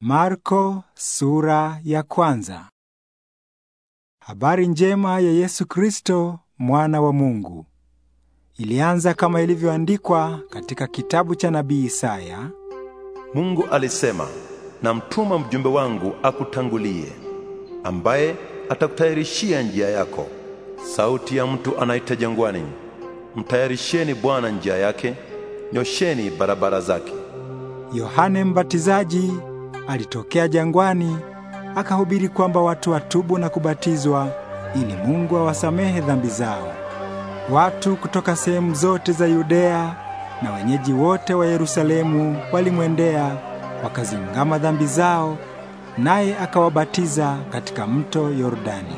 Marko sura ya kwanza. Habari njema ya Yesu Kristo mwana wa Mungu ilianza kama ilivyoandikwa katika kitabu cha nabii Isaya. Mungu alisema, namtuma mjumbe wangu akutangulie, ambaye atakutayarishia njia yako. Sauti ya mtu anaita jangwani, mtayarisheni Bwana njia yake, nyosheni barabara zake. Yohane Mbatizaji alitokea jangwani akahubiri kwamba watu watubu na kubatizwa ili Mungu awasamehe wa dhambi zao. Watu kutoka sehemu zote za Yudea na wenyeji wote wa Yerusalemu walimwendea wakazingama dhambi zao, naye akawabatiza katika mto Yordani.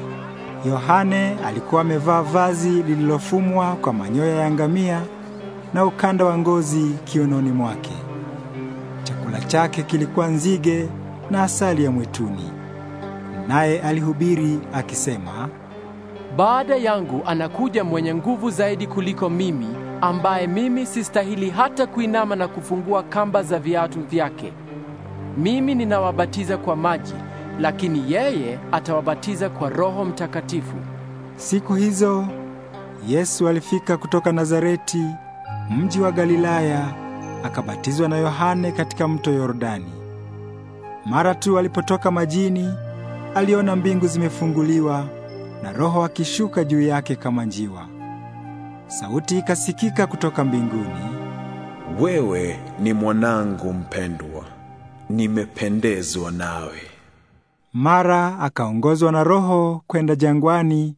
Yohane alikuwa amevaa vazi lililofumwa kwa manyoya ya ngamia na ukanda wa ngozi kiunoni mwake. Chakula chake kilikuwa nzige na asali ya mwituni, naye alihubiri akisema, baada yangu anakuja mwenye nguvu zaidi kuliko mimi, ambaye mimi sistahili hata kuinama na kufungua kamba za viatu vyake. Mimi ninawabatiza kwa maji, lakini yeye atawabatiza kwa Roho Mtakatifu. Siku hizo Yesu alifika kutoka Nazareti, mji wa Galilaya akabatizwa na Yohane katika mto Yordani. Mara tu alipotoka majini, aliona mbingu zimefunguliwa na Roho akishuka juu yake kama njiwa. Sauti ikasikika kutoka mbinguni, wewe ni mwanangu mpendwa, nimependezwa nawe. Mara akaongozwa na Roho kwenda jangwani,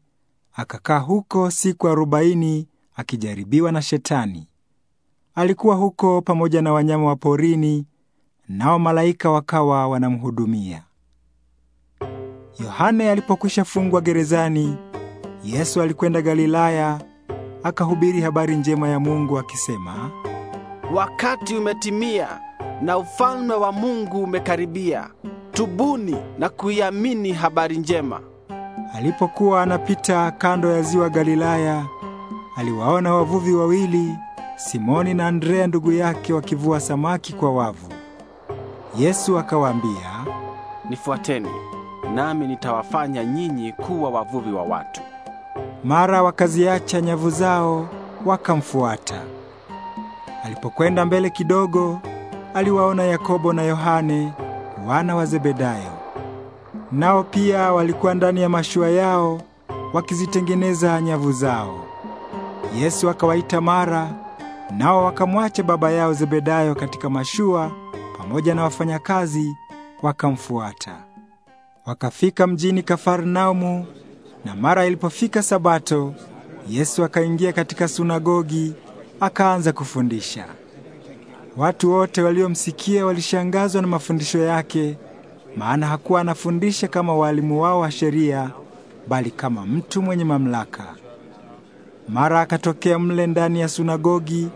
akakaa huko siku arobaini akijaribiwa na Shetani. Alikuwa huko pamoja na wanyama wa porini, nao malaika wakawa wanamhudumia. Yohane alipokwisha fungwa gerezani, Yesu alikwenda Galilaya akahubiri habari njema ya Mungu akisema, wakati umetimia na ufalme wa Mungu umekaribia, tubuni na kuiamini habari njema. Alipokuwa anapita kando ya ziwa Galilaya, aliwaona wavuvi wawili Simoni na Andrea ndugu yake wakivua samaki kwa wavu. Yesu akawaambia, nifuateni nami nitawafanya nyinyi kuwa wavuvi wa watu. Mara wakaziacha nyavu zao wakamfuata. Alipokwenda mbele kidogo, aliwaona Yakobo na Yohane wana wa Zebedayo, nao pia walikuwa ndani ya mashua yao wakizitengeneza nyavu zao. Yesu akawaita mara Nao wakamwacha baba yao Zebedayo katika mashua pamoja na wafanyakazi wakamfuata. Wakafika mjini Kafarnaumu, na mara ilipofika Sabato, Yesu akaingia katika sunagogi akaanza kufundisha. Watu wote waliomsikia walishangazwa na mafundisho yake, maana hakuwa anafundisha kama walimu wao wa sheria, bali kama mtu mwenye mamlaka. Mara akatokea mle ndani ya sunagogi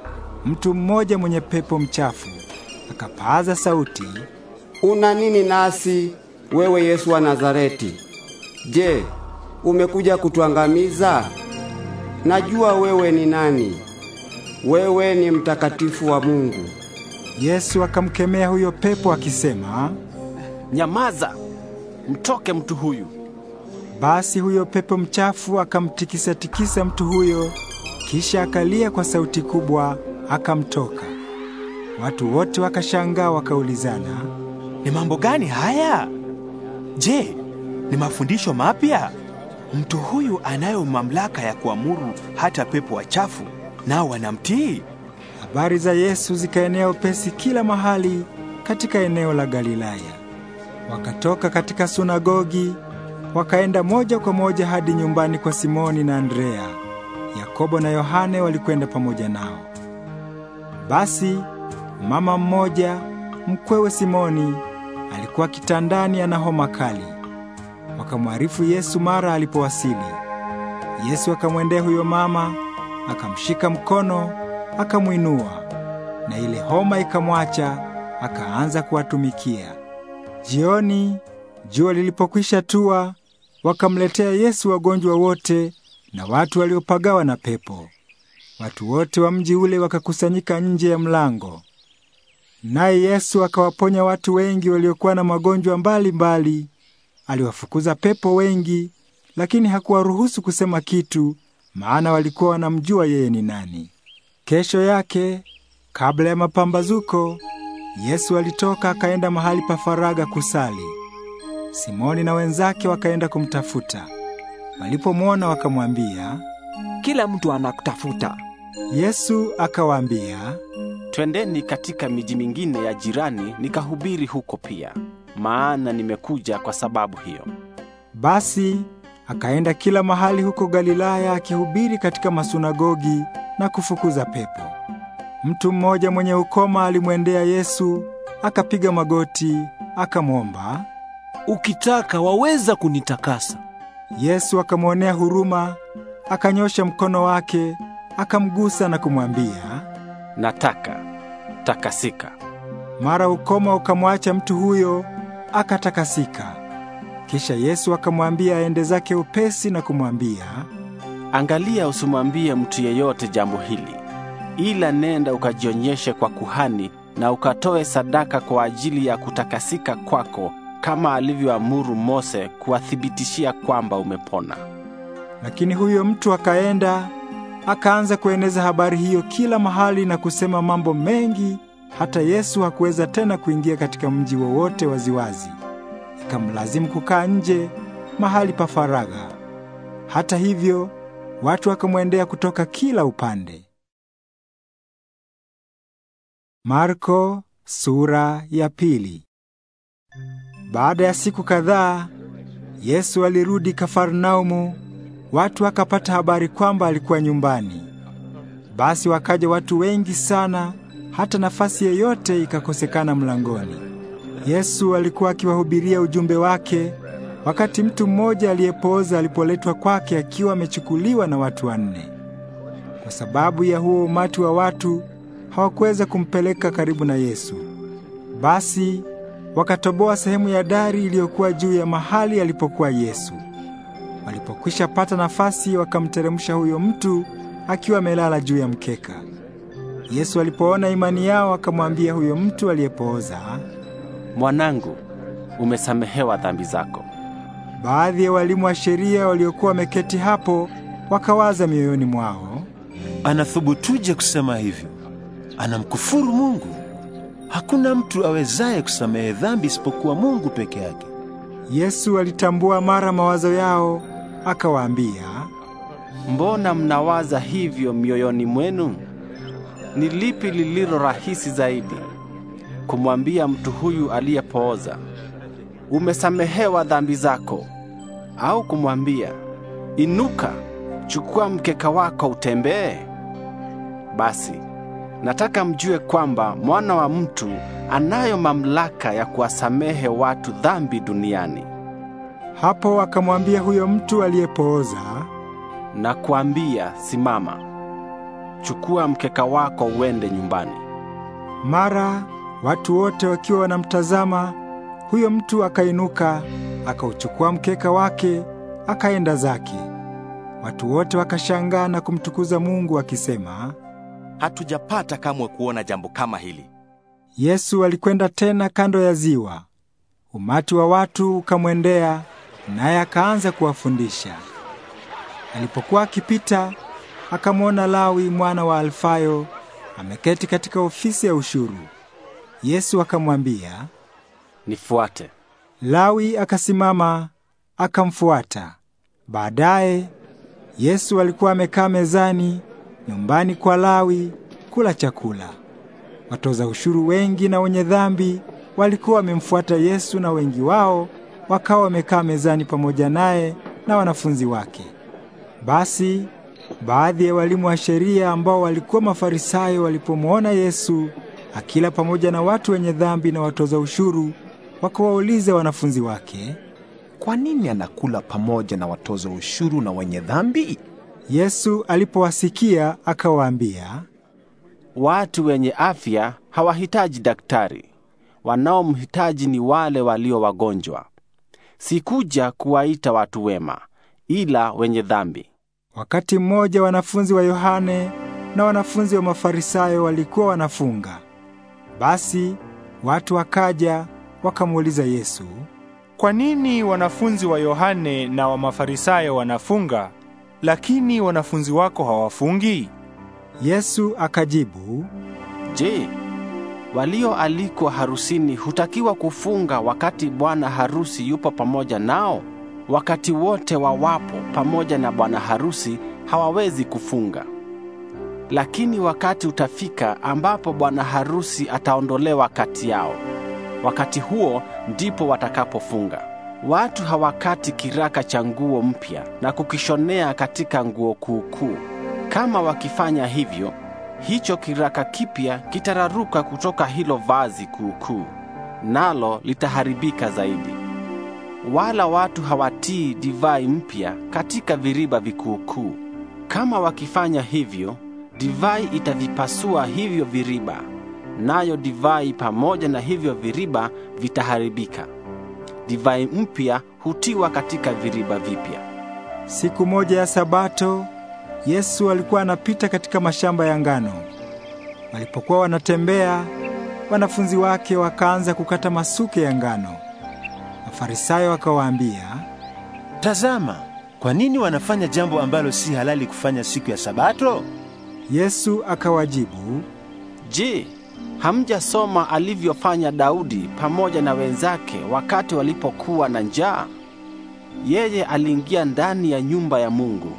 mtu mmoja mwenye pepo mchafu, akapaaza sauti, una nini nasi, wewe Yesu wa Nazareti? Je, umekuja kutuangamiza? Najua wewe ni nani, wewe ni mtakatifu wa Mungu. Yesu akamkemea huyo pepo akisema, nyamaza, mtoke mtu huyu. Basi huyo pepo mchafu akamtikisa-tikisa mtu huyo, kisha akalia kwa sauti kubwa, akamtoka. Watu wote wakashangaa, wakaulizana, ni mambo gani haya? Je, ni mafundisho mapya? Mtu huyu anayo mamlaka ya kuamuru hata pepo wachafu, nao wanamtii. Habari za Yesu zikaenea upesi kila mahali katika eneo la Galilaya. Wakatoka katika sunagogi Wakaenda moja kwa moja hadi nyumbani kwa Simoni na Andrea. Yakobo na Yohane walikwenda pamoja nao. Basi mama mmoja mkwewe Simoni alikuwa kitandani ana homa kali. Wakamwarifu Yesu mara alipowasili. Yesu akamwendea huyo mama, akamshika mkono, akamwinua, na ile homa ikamwacha, akaanza kuwatumikia. Jioni jua lilipokwisha tua, Wakamletea Yesu wagonjwa wote na watu waliopagawa na pepo. Watu wote wa mji ule wakakusanyika nje ya mlango, naye Yesu akawaponya watu wengi waliokuwa na magonjwa mbalimbali. Aliwafukuza pepo wengi, lakini hakuwaruhusu kusema kitu, maana walikuwa wanamjua yeye ni nani. Kesho yake kabla ya mapambazuko, Yesu alitoka akaenda mahali pa faraga kusali. Simoni na wenzake wakaenda kumtafuta. Walipomwona wakamwambia, kila mtu anakutafuta. Yesu akawaambia, twendeni katika miji mingine ya jirani nikahubiri huko pia, maana nimekuja kwa sababu hiyo. Basi akaenda kila mahali huko Galilaya akihubiri katika masunagogi na kufukuza pepo. Mtu mmoja mwenye ukoma alimwendea Yesu, akapiga magoti, akamwomba ukitaka waweza kunitakasa. Yesu akamwonea huruma, akanyosha mkono wake, akamgusa na kumwambia, nataka, takasika. Mara ukoma ukamwacha mtu huyo, akatakasika. Kisha Yesu akamwambia aende zake upesi na kumwambia, angalia, usimwambie mtu yeyote jambo hili, ila nenda ukajionyeshe kwa kuhani na ukatoe sadaka kwa ajili ya kutakasika kwako kama alivyoamuru Mose kuwathibitishia kwamba umepona. Lakini huyo mtu akaenda akaanza kueneza habari hiyo kila mahali na kusema mambo mengi, hata Yesu hakuweza tena kuingia katika mji wowote waziwazi. Ikamlazimu kukaa nje mahali pa faragha. Hata hivyo, watu wakamwendea kutoka kila upande. Marko sura ya pili. Baada ya siku kadhaa, Yesu alirudi Kafarnaumu, watu wakapata habari kwamba alikuwa nyumbani. Basi wakaja watu wengi sana, hata nafasi yoyote ikakosekana mlangoni. Yesu alikuwa akiwahubiria ujumbe wake, wakati mtu mmoja aliyepooza alipoletwa kwake akiwa amechukuliwa na watu wanne. Kwa sababu ya huo umati wa watu, hawakuweza kumpeleka karibu na Yesu. Basi wakatoboa sehemu ya dari iliyokuwa juu ya mahali alipokuwa Yesu. Walipokwisha pata nafasi, wakamteremsha huyo mtu akiwa amelala juu ya mkeka. Yesu alipoona imani yao, akamwambia huyo mtu aliyepooza, mwanangu, umesamehewa dhambi zako. Baadhi ya walimu wa sheria waliokuwa wameketi hapo wakawaza mioyoni mwao, anathubutuje kusema hivyo? Anamkufuru Mungu. Hakuna mtu awezaye kusamehe dhambi isipokuwa Mungu peke yake. Yesu alitambua mara mawazo yao, akawaambia, mbona mnawaza hivyo mioyoni mwenu? Ni lipi lililo rahisi zaidi, kumwambia mtu huyu aliyepooza, umesamehewa dhambi zako, au kumwambia inuka, chukua mkeka wako utembee? Basi Nataka mjue kwamba mwana wa mtu anayo mamlaka ya kuwasamehe watu dhambi duniani. Hapo akamwambia huyo mtu aliyepooza, na kuambia, simama, chukua mkeka wako uende nyumbani. Mara watu wote wakiwa wanamtazama, huyo mtu akainuka, akauchukua mkeka wake, akaenda zake. Watu wote wakashangaa na kumtukuza Mungu akisema, hatujapata kamwe kuona jambo kama hili. Yesu alikwenda tena kando ya ziwa. Umati wa watu ukamwendea, naye akaanza kuwafundisha. Alipokuwa akipita, akamwona Lawi mwana wa Alfayo ameketi katika ofisi ya ushuru. Yesu akamwambia, "Nifuate." Lawi akasimama akamfuata. Baadaye Yesu alikuwa amekaa mezani nyumbani kwa Lawi kula chakula. Watoza ushuru wengi na wenye dhambi walikuwa wamemfuata Yesu, na wengi wao wakawa wamekaa mezani pamoja naye na wanafunzi wake. Basi baadhi ya walimu wa sheria ambao walikuwa Mafarisayo walipomwona Yesu akila pamoja na watu wenye dhambi na watoza ushuru, wakawauliza wanafunzi wake, kwa nini anakula pamoja na watoza ushuru na wenye dhambi? Yesu alipowasikia akawaambia, watu wenye afya hawahitaji daktari, wanaomhitaji ni wale walio wagonjwa. Sikuja kuwaita watu wema, ila wenye dhambi. Wakati mmoja wanafunzi wa Yohane na wanafunzi wa Mafarisayo walikuwa wanafunga. Basi watu wakaja wakamuuliza Yesu, kwa nini wanafunzi wa Yohane na wa Mafarisayo wanafunga lakini wanafunzi wako hawafungi? Yesu akajibu, Je, walioalikwa harusini hutakiwa kufunga wakati bwana harusi yupo pamoja nao? Wakati wote wawapo pamoja na bwana harusi hawawezi kufunga. Lakini wakati utafika ambapo bwana harusi ataondolewa kati yao. Wakati huo ndipo watakapofunga. Watu hawakati kiraka cha nguo mpya na kukishonea katika nguo kuukuu. Kama wakifanya hivyo, hicho kiraka kipya kitararuka kutoka hilo vazi kuukuu, nalo litaharibika zaidi. Wala watu hawatii divai mpya katika viriba vikuukuu. Kama wakifanya hivyo, divai itavipasua hivyo viriba, nayo divai pamoja na hivyo viriba vitaharibika divai mpya hutiwa katika viriba vipya. Siku moja ya Sabato, Yesu alikuwa anapita katika mashamba ya ngano. Walipokuwa wanatembea, wanafunzi wake wakaanza kukata masuke ya ngano. Mafarisayo wakawaambia, "Tazama, kwa nini wanafanya jambo ambalo si halali kufanya siku ya Sabato?" Yesu akawajibu, "Je, Hamjasoma alivyofanya Daudi pamoja na wenzake wakati walipokuwa na njaa? Yeye aliingia ndani ya nyumba ya Mungu,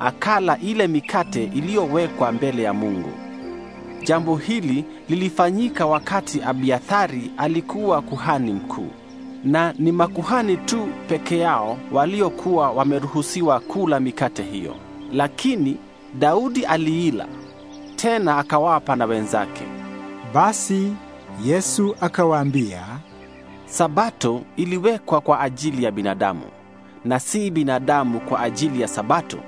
akala ile mikate iliyowekwa mbele ya Mungu. Jambo hili lilifanyika wakati Abiathari alikuwa kuhani mkuu, na ni makuhani tu peke yao waliokuwa wameruhusiwa kula mikate hiyo, lakini Daudi aliila tena akawapa na wenzake. Basi Yesu akawaambia, Sabato iliwekwa kwa ajili ya binadamu na si binadamu kwa ajili ya Sabato.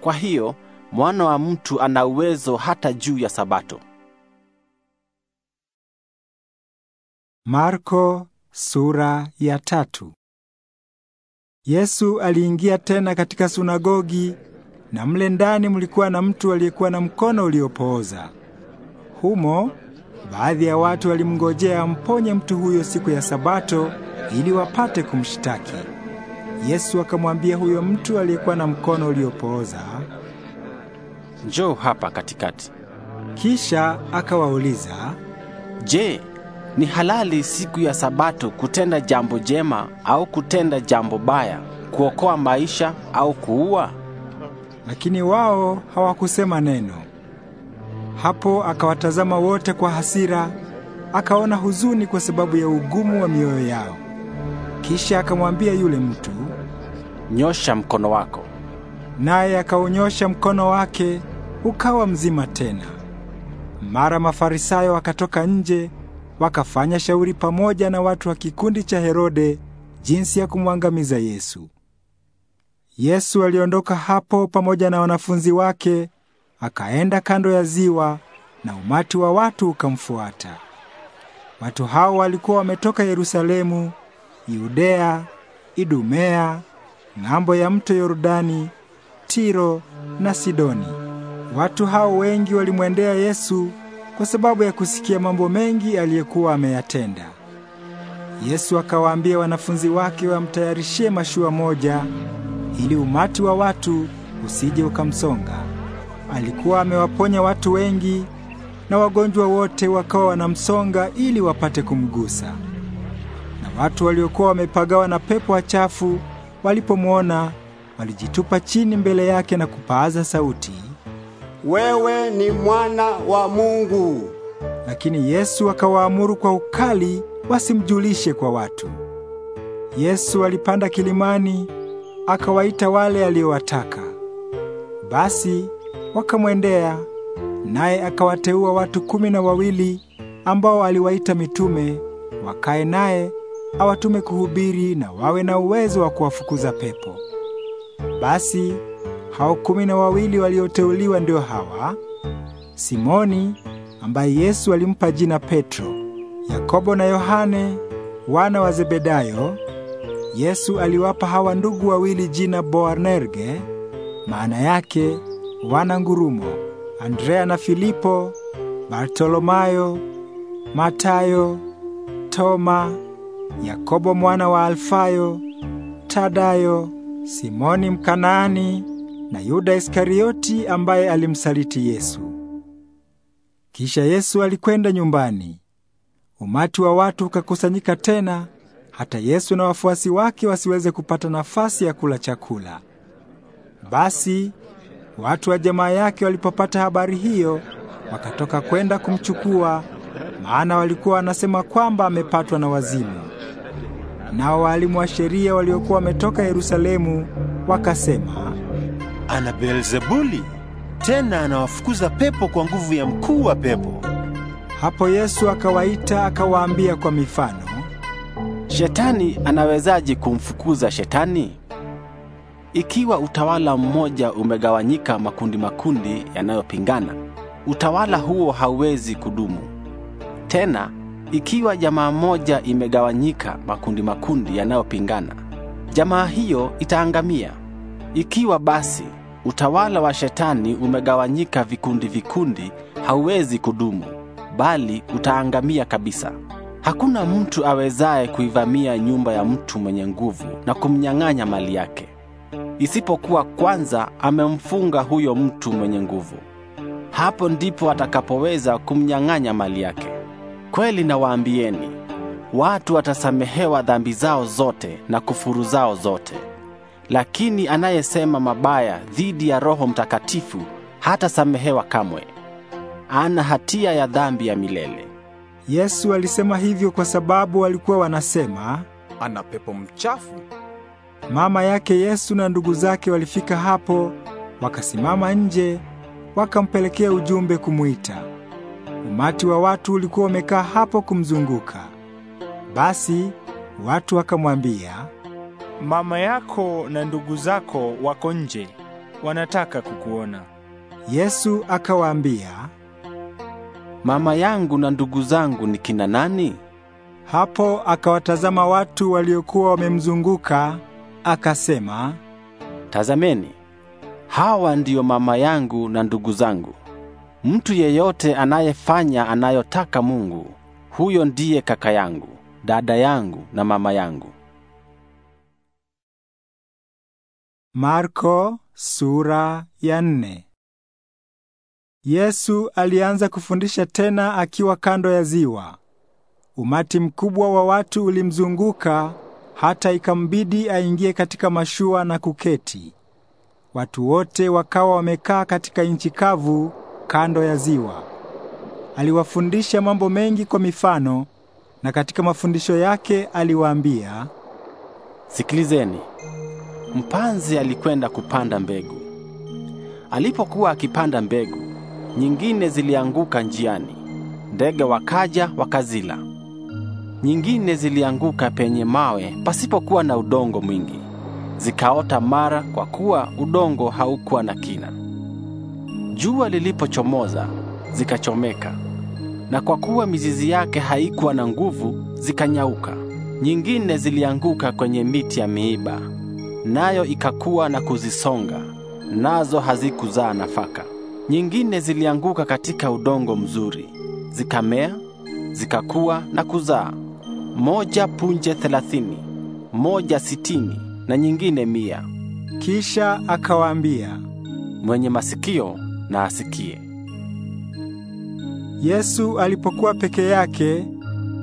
Kwa hiyo mwana wa mtu ana uwezo hata juu ya Sabato. Marko sura ya tatu. Yesu aliingia tena katika sunagogi na mle ndani mlikuwa na mtu aliyekuwa na mkono uliopooza. Humo Baadhi ya watu walimngojea amponye mtu huyo siku ya Sabato ili wapate kumshtaki. Yesu akamwambia huyo mtu aliyekuwa na mkono uliopooza, njoo hapa katikati. Kisha akawauliza, je, ni halali siku ya Sabato kutenda jambo jema au kutenda jambo baya, kuokoa maisha au kuua? Lakini wao hawakusema neno. Hapo akawatazama wote kwa hasira, akaona huzuni kwa sababu ya ugumu wa mioyo yao. Kisha akamwambia yule mtu, nyosha mkono wako. Naye akaunyosha mkono wake ukawa mzima tena. Mara Mafarisayo wakatoka nje, wakafanya shauri pamoja na watu wa kikundi cha Herode jinsi ya kumwangamiza Yesu. Yesu aliondoka hapo pamoja na wanafunzi wake akaenda kando ya ziwa na umati wa watu ukamfuata. Watu hao walikuwa wametoka Yerusalemu, Yudea, Idumea, ng'ambo ya mto Yordani, Tiro na Sidoni. Watu hao wengi walimwendea Yesu kwa sababu ya kusikia mambo mengi aliyekuwa ameyatenda. Yesu akawaambia wanafunzi wake wamtayarishie mashua moja ili umati wa watu usije ukamsonga. Alikuwa amewaponya watu wengi na wagonjwa wote wakawa wanamsonga ili wapate kumgusa. Na watu waliokuwa wamepagawa na pepo wachafu walipomwona walijitupa chini mbele yake na kupaaza sauti, wewe ni mwana wa Mungu. Lakini Yesu akawaamuru kwa ukali wasimjulishe kwa watu. Yesu alipanda kilimani akawaita wale aliowataka Basi wakamwendea, naye akawateua watu kumi na wawili ambao aliwaita mitume, wakae naye awatume kuhubiri na wawe na uwezo wa kuwafukuza pepo. Basi hao kumi na wawili walioteuliwa ndio hawa: Simoni ambaye Yesu alimpa jina Petro, Yakobo na Yohane wana wa Zebedayo. Yesu aliwapa hawa ndugu wawili jina Boanerge, maana yake wana ngurumo, Andrea na Filipo, Bartolomayo, Matayo, Toma, Yakobo mwana wa Alfayo, Tadayo, Simoni Mkanaani na Yuda Iskarioti ambaye alimsaliti Yesu. Kisha Yesu alikwenda nyumbani. Umati wa watu ukakusanyika tena hata Yesu na wafuasi wake wasiweze kupata nafasi ya kula chakula. Basi Watu wa jamaa yake walipopata habari hiyo, wakatoka kwenda kumchukua, maana walikuwa wanasema kwamba amepatwa na wazimu. Nao waalimu wa sheria waliokuwa wametoka Yerusalemu wakasema, ana Beelzebuli, tena anawafukuza pepo kwa nguvu ya mkuu wa pepo. Hapo Yesu akawaita akawaambia kwa mifano, shetani anawezaje kumfukuza shetani? Ikiwa utawala mmoja umegawanyika makundi makundi yanayopingana, utawala huo hauwezi kudumu. Tena, ikiwa jamaa moja imegawanyika makundi makundi yanayopingana, jamaa hiyo itaangamia. Ikiwa basi utawala wa Shetani umegawanyika vikundi vikundi, hauwezi kudumu, bali utaangamia kabisa. Hakuna mtu awezaye kuivamia nyumba ya mtu mwenye nguvu na kumnyang'anya mali yake isipokuwa kwanza amemfunga huyo mtu mwenye nguvu. Hapo ndipo atakapoweza kumnyang'anya mali yake. Kweli nawaambieni, watu watasamehewa dhambi zao zote na kufuru zao zote, lakini anayesema mabaya dhidi ya Roho Mtakatifu hatasamehewa kamwe. Ana hatia ya dhambi ya milele. Yesu alisema hivyo kwa sababu walikuwa wanasema ana pepo mchafu. Mama yake Yesu na ndugu zake walifika hapo, wakasimama nje, wakampelekea ujumbe kumwita. Umati wa watu ulikuwa umekaa hapo kumzunguka. Basi watu wakamwambia, mama yako na ndugu zako wako nje, wanataka kukuona. Yesu akawaambia, mama yangu na ndugu zangu ni kina nani? Hapo akawatazama watu waliokuwa wamemzunguka akasema, Tazameni, hawa ndiyo mama yangu na ndugu zangu. Mtu yeyote anayefanya anayotaka Mungu, huyo ndiye kaka yangu, dada yangu na mama yangu. Marko sura ya nne. Yesu alianza kufundisha tena akiwa kando ya ziwa. Umati mkubwa wa watu ulimzunguka hata ikambidi aingie katika mashua na kuketi. Watu wote wakawa wamekaa katika nchi kavu kando ya ziwa. Aliwafundisha mambo mengi kwa mifano, na katika mafundisho yake aliwaambia, Sikilizeni. Mpanzi alikwenda kupanda mbegu. Alipokuwa akipanda mbegu, nyingine zilianguka njiani. Ndege wakaja wakazila nyingine zilianguka penye mawe pasipokuwa na udongo mwingi, zikaota mara, kwa kuwa udongo haukuwa na kina. Jua lilipochomoza zikachomeka, na kwa kuwa mizizi yake haikuwa na nguvu, zikanyauka. Nyingine zilianguka kwenye miti ya miiba, nayo ikakuwa na kuzisonga, nazo hazikuzaa nafaka. Nyingine zilianguka katika udongo mzuri, zikamea, zikakuwa na kuzaa moja punje thelathini, moja sitini na nyingine mia. Kisha akawaambia, mwenye masikio na asikie. Yesu alipokuwa peke yake,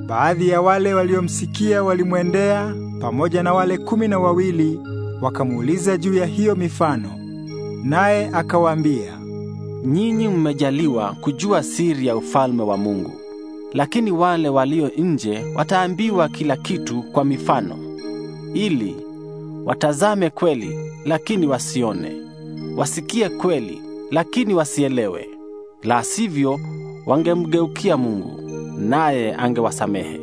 baadhi ya wale waliomsikia walimwendea pamoja na wale kumi na wawili wakamuuliza juu ya hiyo mifano, naye akawaambia, nyinyi mmejaliwa kujua siri ya ufalme wa Mungu lakini wale walio nje wataambiwa kila kitu kwa mifano, ili watazame kweli, lakini wasione, wasikie kweli, lakini wasielewe; la sivyo wangemgeukia Mungu, naye angewasamehe.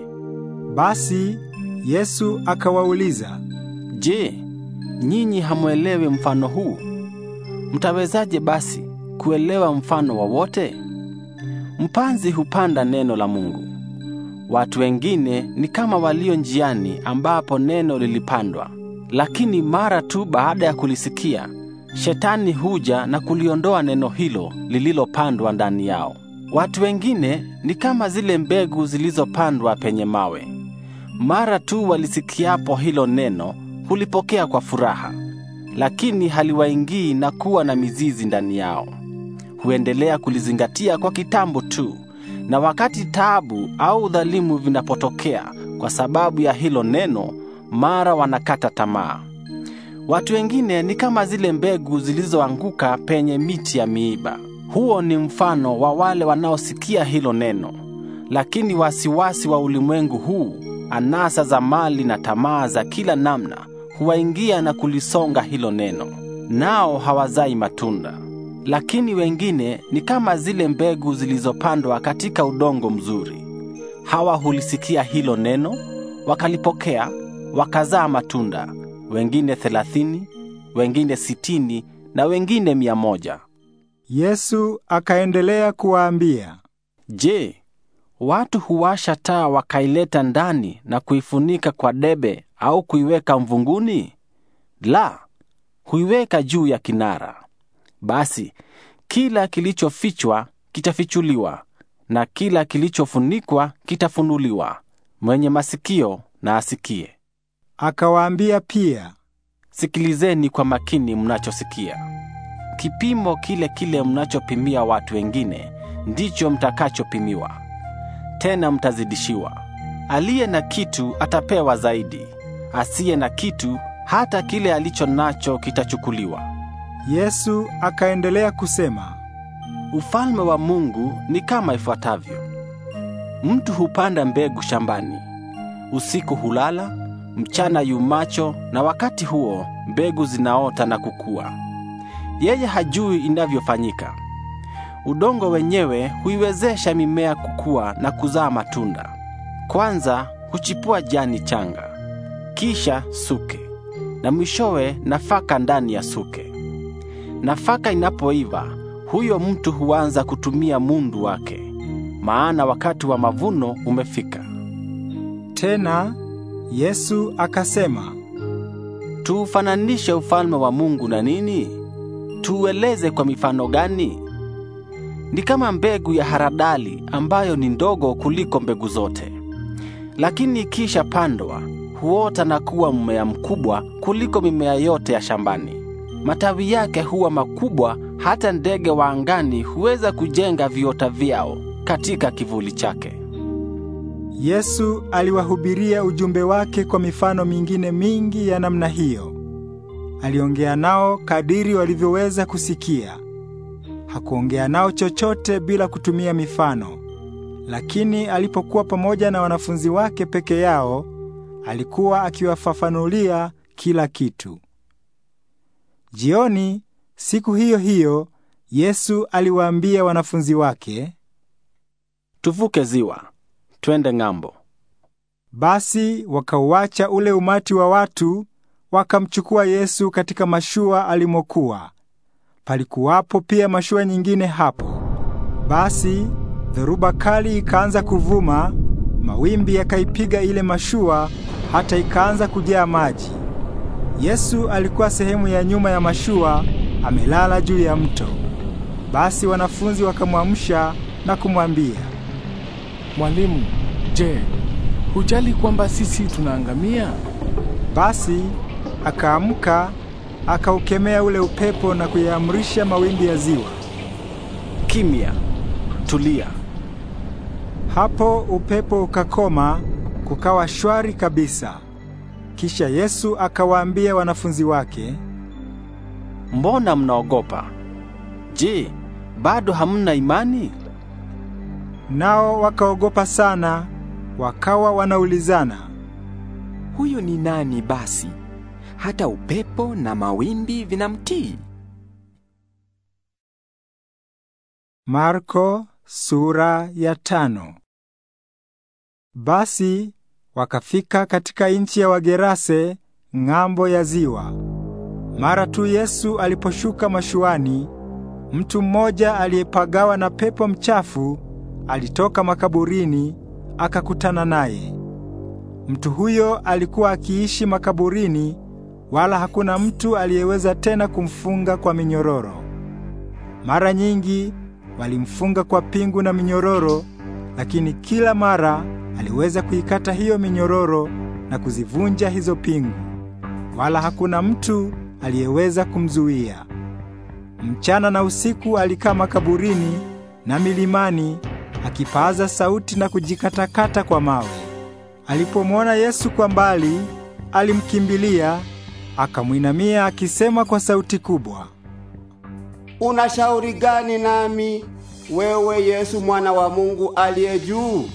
Basi Yesu akawauliza, Je, nyinyi hamwelewi mfano huu? Mtawezaje basi kuelewa mfano wowote? Mpanzi hupanda neno la Mungu. Watu wengine ni kama walio njiani ambapo neno lilipandwa, lakini mara tu baada ya kulisikia, shetani huja na kuliondoa neno hilo lililopandwa ndani yao. Watu wengine ni kama zile mbegu zilizopandwa penye mawe. Mara tu walisikiapo hilo neno, hulipokea kwa furaha, lakini haliwaingii na kuwa na mizizi ndani yao huendelea kulizingatia kwa kitambo tu, na wakati taabu au udhalimu vinapotokea kwa sababu ya hilo neno, mara wanakata tamaa. Watu wengine ni kama zile mbegu zilizoanguka penye miti ya miiba. Huo ni mfano wa wale wanaosikia hilo neno, lakini wasiwasi wa ulimwengu huu, anasa za mali na tamaa za kila namna huwaingia na kulisonga hilo neno, nao hawazai matunda lakini wengine ni kama zile mbegu zilizopandwa katika udongo mzuri. Hawa hulisikia hilo neno, wakalipokea, wakazaa matunda, wengine thelathini, wengine sitini na wengine mia moja. Yesu akaendelea kuwaambia, Je, watu huwasha taa wakaileta ndani na kuifunika kwa debe au kuiweka mvunguni? La, huiweka juu ya kinara. Basi kila kilichofichwa kitafichuliwa, na kila kilichofunikwa kitafunuliwa. Mwenye masikio na asikie. Akawaambia pia, sikilizeni kwa makini mnachosikia. Kipimo kile kile mnachopimia watu wengine ndicho mtakachopimiwa, tena mtazidishiwa. Aliye na kitu atapewa zaidi, asiye na kitu, hata kile alicho nacho kitachukuliwa. Yesu akaendelea kusema, Ufalme wa Mungu ni kama ifuatavyo. Mtu hupanda mbegu shambani. Usiku hulala, mchana yumacho na wakati huo mbegu zinaota na kukua. Yeye hajui inavyofanyika. Udongo wenyewe huiwezesha mimea kukua na kuzaa matunda. Kwanza huchipua jani changa, kisha suke, na mwishowe nafaka ndani ya suke. Nafaka inapoiva, huyo mtu huanza kutumia mundu wake, maana wakati wa mavuno umefika. Tena Yesu akasema, tuufananishe ufalme wa Mungu na nini? Tuueleze kwa mifano gani? Ni kama mbegu ya haradali ambayo ni ndogo kuliko mbegu zote, lakini ikisha pandwa huota na kuwa mmea mkubwa kuliko mimea yote ya shambani. Matawi yake huwa makubwa, hata ndege wa angani huweza kujenga viota vyao katika kivuli chake. Yesu aliwahubiria ujumbe wake kwa mifano mingine mingi ya namna hiyo. Aliongea nao kadiri walivyoweza kusikia. Hakuongea nao chochote bila kutumia mifano. Lakini alipokuwa pamoja na wanafunzi wake peke yao, alikuwa akiwafafanulia kila kitu. Jioni siku hiyo hiyo Yesu aliwaambia wanafunzi wake, tuvuke ziwa twende ng'ambo. Basi wakauacha ule umati wa watu, wakamchukua Yesu katika mashua alimokuwa. Palikuwapo pia mashua nyingine hapo. Basi dhoruba kali ikaanza kuvuma, mawimbi yakaipiga ile mashua hata ikaanza kujaa maji. Yesu alikuwa sehemu ya nyuma ya mashua amelala juu ya mto. Basi wanafunzi wakamwamsha na kumwambia, Mwalimu, je, hujali kwamba sisi tunaangamia? Basi akaamka akaukemea ule upepo na kuyaamrisha mawimbi ya ziwa, kimya, tulia. Hapo upepo ukakoma, kukawa shwari kabisa. Kisha Yesu akawaambia wanafunzi wake, Mbona mnaogopa? Je, bado hamna imani? Nao wakaogopa sana, wakawa wanaulizana, Huyu ni nani basi? Hata upepo na mawimbi vinamtii. Marko sura ya tano. Basi Wakafika katika nchi ya Wagerase ng'ambo ya ziwa. Mara tu Yesu aliposhuka mashuani, mtu mmoja aliyepagawa na pepo mchafu alitoka makaburini akakutana naye. Mtu huyo alikuwa akiishi makaburini, wala hakuna mtu aliyeweza tena kumfunga kwa minyororo. Mara nyingi walimfunga kwa pingu na minyororo, lakini kila mara aliweza kuikata hiyo minyororo na kuzivunja hizo pingu, wala hakuna mtu aliyeweza kumzuia. Mchana na usiku alikaa makaburini na milimani akipaza sauti na kujikatakata kwa mawe. Alipomwona Yesu kwa mbali, alimkimbilia akamwinamia akisema kwa sauti kubwa, Una shauri gani nami, wewe Yesu mwana wa Mungu aliye juu?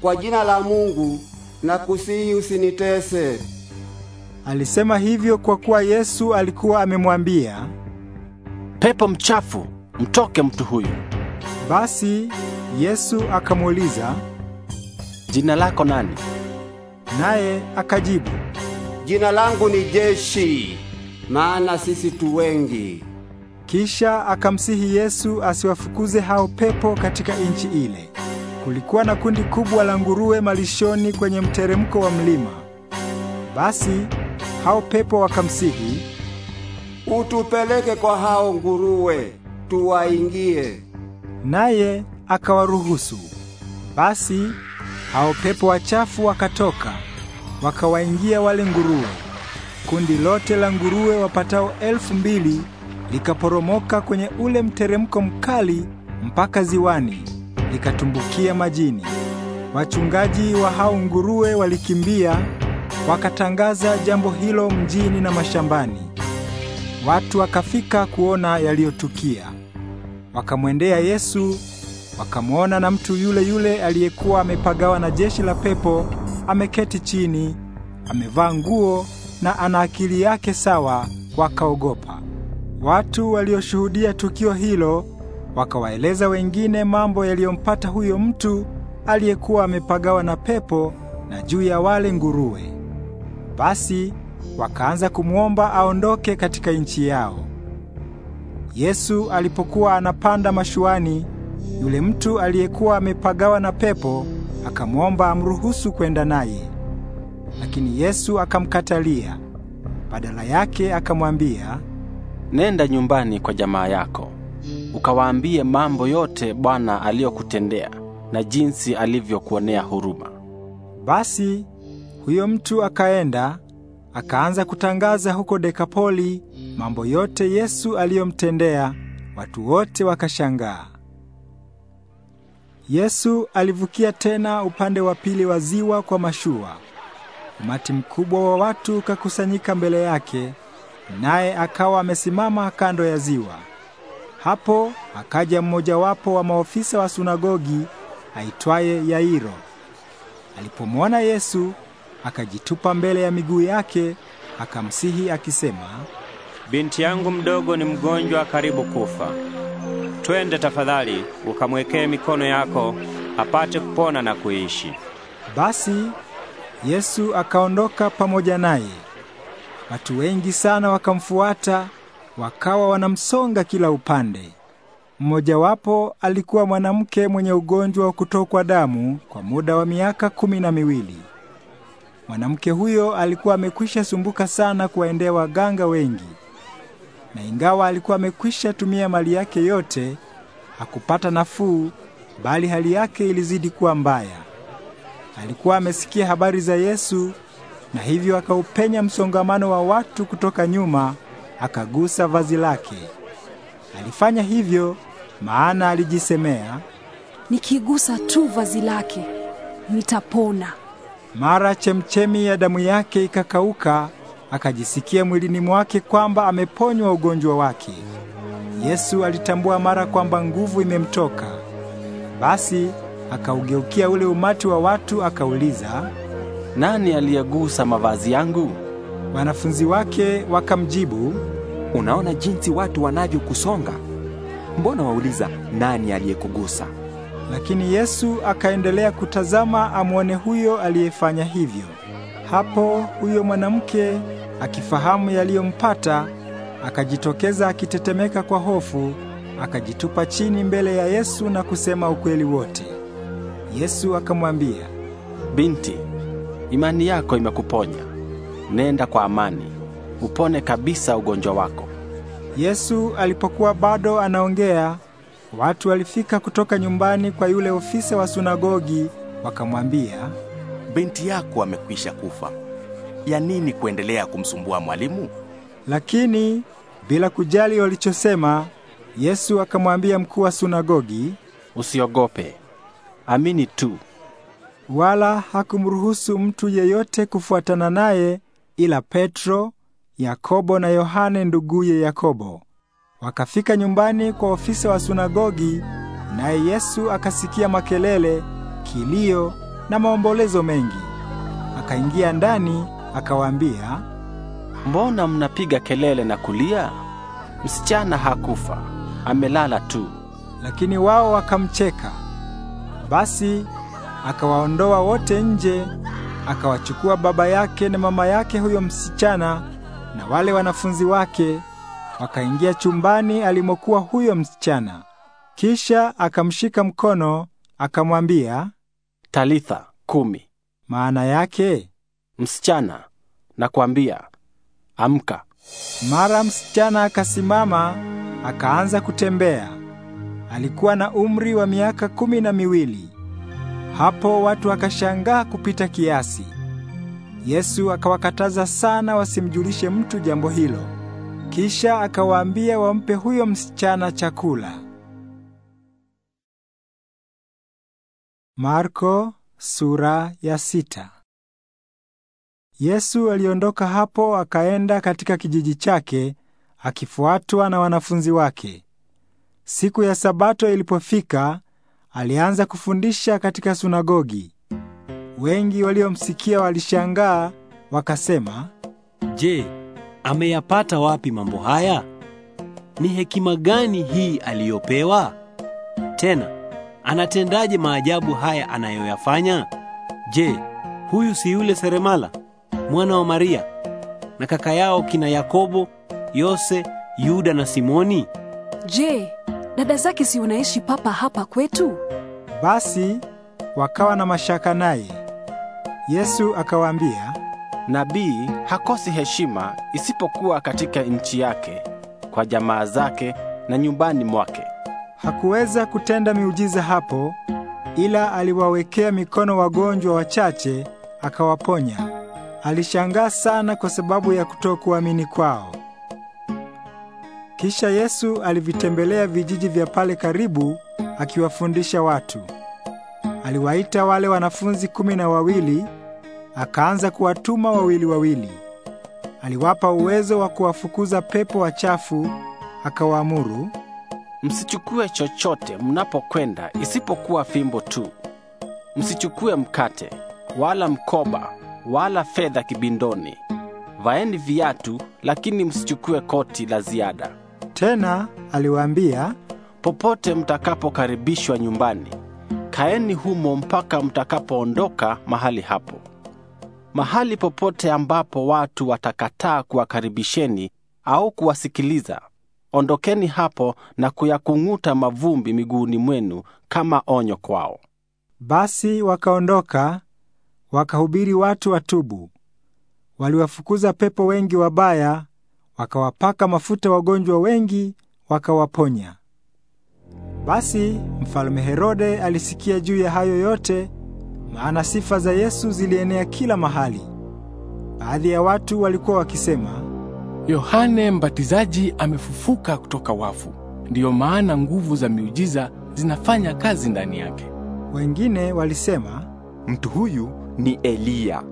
kwa jina la Mungu na kusihi usinitese. Alisema hivyo kwa kuwa Yesu alikuwa amemwambia, pepo mchafu mtoke mtu huyu. Basi Yesu akamuuliza, jina lako nani? Naye akajibu, jina langu ni Jeshi, maana sisi tu wengi. Kisha akamsihi Yesu asiwafukuze hao pepo katika nchi ile. Kulikuwa na kundi kubwa la nguruwe malishoni kwenye mteremko wa mlima. Basi hao pepo wakamsihi, utupeleke kwa hao nguruwe tuwaingie. Naye akawaruhusu. Basi hao pepo wachafu wakatoka wakawaingia wale nguruwe. Kundi lote la nguruwe wapatao elfu mbili likaporomoka kwenye ule mteremko mkali mpaka ziwani likatumbukia majini. Wachungaji wa hao nguruwe walikimbia wakatangaza jambo hilo mjini na mashambani. Watu wakafika kuona yaliyotukia, wakamwendea Yesu, wakamwona na mtu yule yule aliyekuwa amepagawa na jeshi la pepo, ameketi chini, amevaa nguo na ana akili yake sawa, wakaogopa. Watu walioshuhudia tukio hilo Wakawaeleza wengine mambo yaliyompata huyo mtu aliyekuwa amepagawa na pepo na juu ya wale nguruwe. Basi wakaanza kumwomba aondoke katika nchi yao. Yesu alipokuwa anapanda mashuani, yule mtu aliyekuwa amepagawa na pepo akamwomba amruhusu kwenda naye, lakini Yesu akamkatalia. Badala yake akamwambia, nenda nyumbani kwa jamaa yako ukawaambie mambo yote Bwana aliyokutendea na jinsi alivyokuonea huruma. Basi huyo mtu akaenda akaanza kutangaza huko Dekapoli mambo yote Yesu aliyomtendea, watu wote wakashangaa. Yesu alivukia tena upande wa pili wa ziwa kwa mashua. Umati mkubwa wa watu ukakusanyika mbele yake, naye akawa amesimama kando ya ziwa. Hapo akaja mmojawapo wa maofisa wa sunagogi aitwaye Yairo. Alipomwona Yesu, akajitupa mbele ya miguu yake, akamsihi akisema, binti yangu mdogo ni mgonjwa karibu kufa. Twende tafadhali ukamwekee mikono yako apate kupona na kuishi. Basi Yesu akaondoka pamoja naye. Watu wengi sana wakamfuata wakawa wanamsonga kila upande. Mmojawapo alikuwa mwanamke mwenye ugonjwa wa kutokwa damu kwa muda wa miaka kumi na miwili. Mwanamke huyo alikuwa amekwisha sumbuka sana kuwaendea waganga wengi, na ingawa alikuwa amekwisha tumia mali yake yote, hakupata nafuu, bali hali yake ilizidi kuwa mbaya. Alikuwa amesikia habari za Yesu, na hivyo akaupenya msongamano wa watu kutoka nyuma akagusa vazi lake. Alifanya hivyo maana alijisemea, nikigusa tu vazi lake nitapona. Mara chemchemi ya damu yake ikakauka, akajisikia mwilini mwake kwamba ameponywa ugonjwa wake. Yesu alitambua mara kwamba nguvu imemtoka. Basi akaugeukia ule umati wa watu akauliza, nani aliyegusa mavazi yangu? Wanafunzi wake wakamjibu, unaona jinsi watu wanavyokusonga, mbona wauliza nani aliyekugusa? Lakini Yesu akaendelea kutazama amwone huyo aliyefanya hivyo. Hapo huyo mwanamke akifahamu yaliyompata, akajitokeza akitetemeka kwa hofu, akajitupa chini mbele ya Yesu na kusema ukweli wote. Yesu akamwambia, binti, imani yako imekuponya nenda kwa amani, upone kabisa ugonjwa wako. Yesu alipokuwa bado anaongea, watu walifika kutoka nyumbani kwa yule ofisa wa sunagogi, wakamwambia, binti yako amekwisha kufa, ya nini kuendelea kumsumbua mwalimu? Lakini bila kujali walichosema, Yesu akamwambia mkuu wa sunagogi, usiogope, amini tu. Wala hakumruhusu mtu yeyote kufuatana naye ila Petro, Yakobo na Yohane nduguye Yakobo. Wakafika nyumbani kwa ofisa wa sunagogi, naye Yesu akasikia makelele, kilio na maombolezo mengi. Akaingia ndani akawaambia, mbona mnapiga kelele na kulia? Msichana hakufa, amelala tu. Lakini wao wakamcheka. Basi akawaondoa wote nje akawachukua baba yake na mama yake huyo msichana na wale wanafunzi wake, wakaingia chumbani alimokuwa huyo msichana. Kisha akamshika mkono akamwambia, Talitha kumi, maana yake msichana, nakwambia amka. Mara msichana akasimama akaanza kutembea. Alikuwa na umri wa miaka kumi na miwili. Hapo watu wakashangaa kupita kiasi. Yesu akawakataza sana wasimjulishe mtu jambo hilo. Kisha akawaambia wampe huyo msichana chakula. Marko sura ya sita. Yesu aliondoka hapo akaenda katika kijiji chake akifuatwa na wanafunzi wake. Siku ya Sabato ilipofika, alianza kufundisha katika sunagogi. Wengi waliomsikia walishangaa wakasema, "Je, ameyapata wapi mambo haya? Ni hekima gani hii aliyopewa? Tena anatendaje maajabu haya anayoyafanya? Je, huyu si yule seremala mwana wa Maria na kaka yao kina Yakobo, Yose, Yuda na Simoni? Je, dada zake si wanaishi papa hapa kwetu? Basi wakawa na mashaka naye. Yesu akawaambia, nabii hakosi heshima isipokuwa katika nchi yake, kwa jamaa zake na nyumbani mwake. Hakuweza kutenda miujiza hapo, ila aliwawekea mikono wagonjwa wachache akawaponya. Alishangaa sana kwa sababu ya kutokuamini kwao. Kisha Yesu alivitembelea vijiji vya pale karibu akiwafundisha watu. Aliwaita wale wanafunzi kumi na wawili, akaanza kuwatuma wawili wawili. Aliwapa uwezo wa kuwafukuza pepo wachafu, akawaamuru, msichukue chochote mnapokwenda isipokuwa fimbo tu. Msichukue mkate wala mkoba wala fedha kibindoni. Vaeni viatu, lakini msichukue koti la ziada. Tena aliwaambia, popote mtakapokaribishwa nyumbani, kaeni humo mpaka mtakapoondoka mahali hapo. Mahali popote ambapo watu watakataa kuwakaribisheni au kuwasikiliza, ondokeni hapo na kuyakung'uta mavumbi miguuni mwenu kama onyo kwao. Basi wakaondoka wakahubiri watu watubu. Waliwafukuza pepo wengi wabaya wakawapaka mafuta wagonjwa wengi, wakawaponya. Basi mfalme Herode alisikia juu ya hayo yote, maana sifa za Yesu zilienea kila mahali. Baadhi ya watu walikuwa wakisema, Yohane Mbatizaji amefufuka kutoka wafu, ndiyo maana nguvu za miujiza zinafanya kazi ndani yake. Wengine walisema, mtu huyu ni Eliya.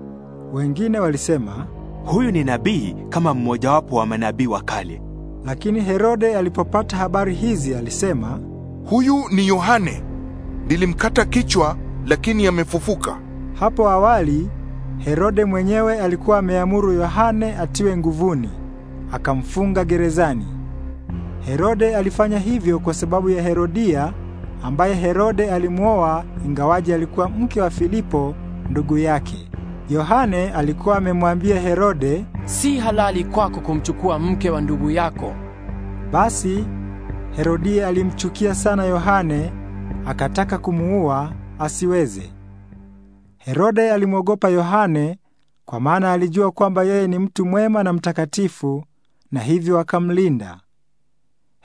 Wengine walisema huyu ni nabii kama mmojawapo wa manabii wa kale. Lakini Herode alipopata habari hizi alisema, huyu ni Yohane, nilimkata kichwa, lakini amefufuka. Hapo awali Herode mwenyewe alikuwa ameamuru Yohane atiwe nguvuni, akamfunga gerezani. Herode alifanya hivyo kwa sababu ya Herodia ambaye Herode alimwoa, ingawaji alikuwa mke wa Filipo ndugu yake. Yohane alikuwa amemwambia Herode, si halali kwako kumchukua mke wa ndugu yako. Basi Herodia alimchukia sana Yohane, akataka kumuua asiweze. Herode alimwogopa Yohane kwa maana alijua kwamba yeye ni mtu mwema na mtakatifu na hivyo akamlinda.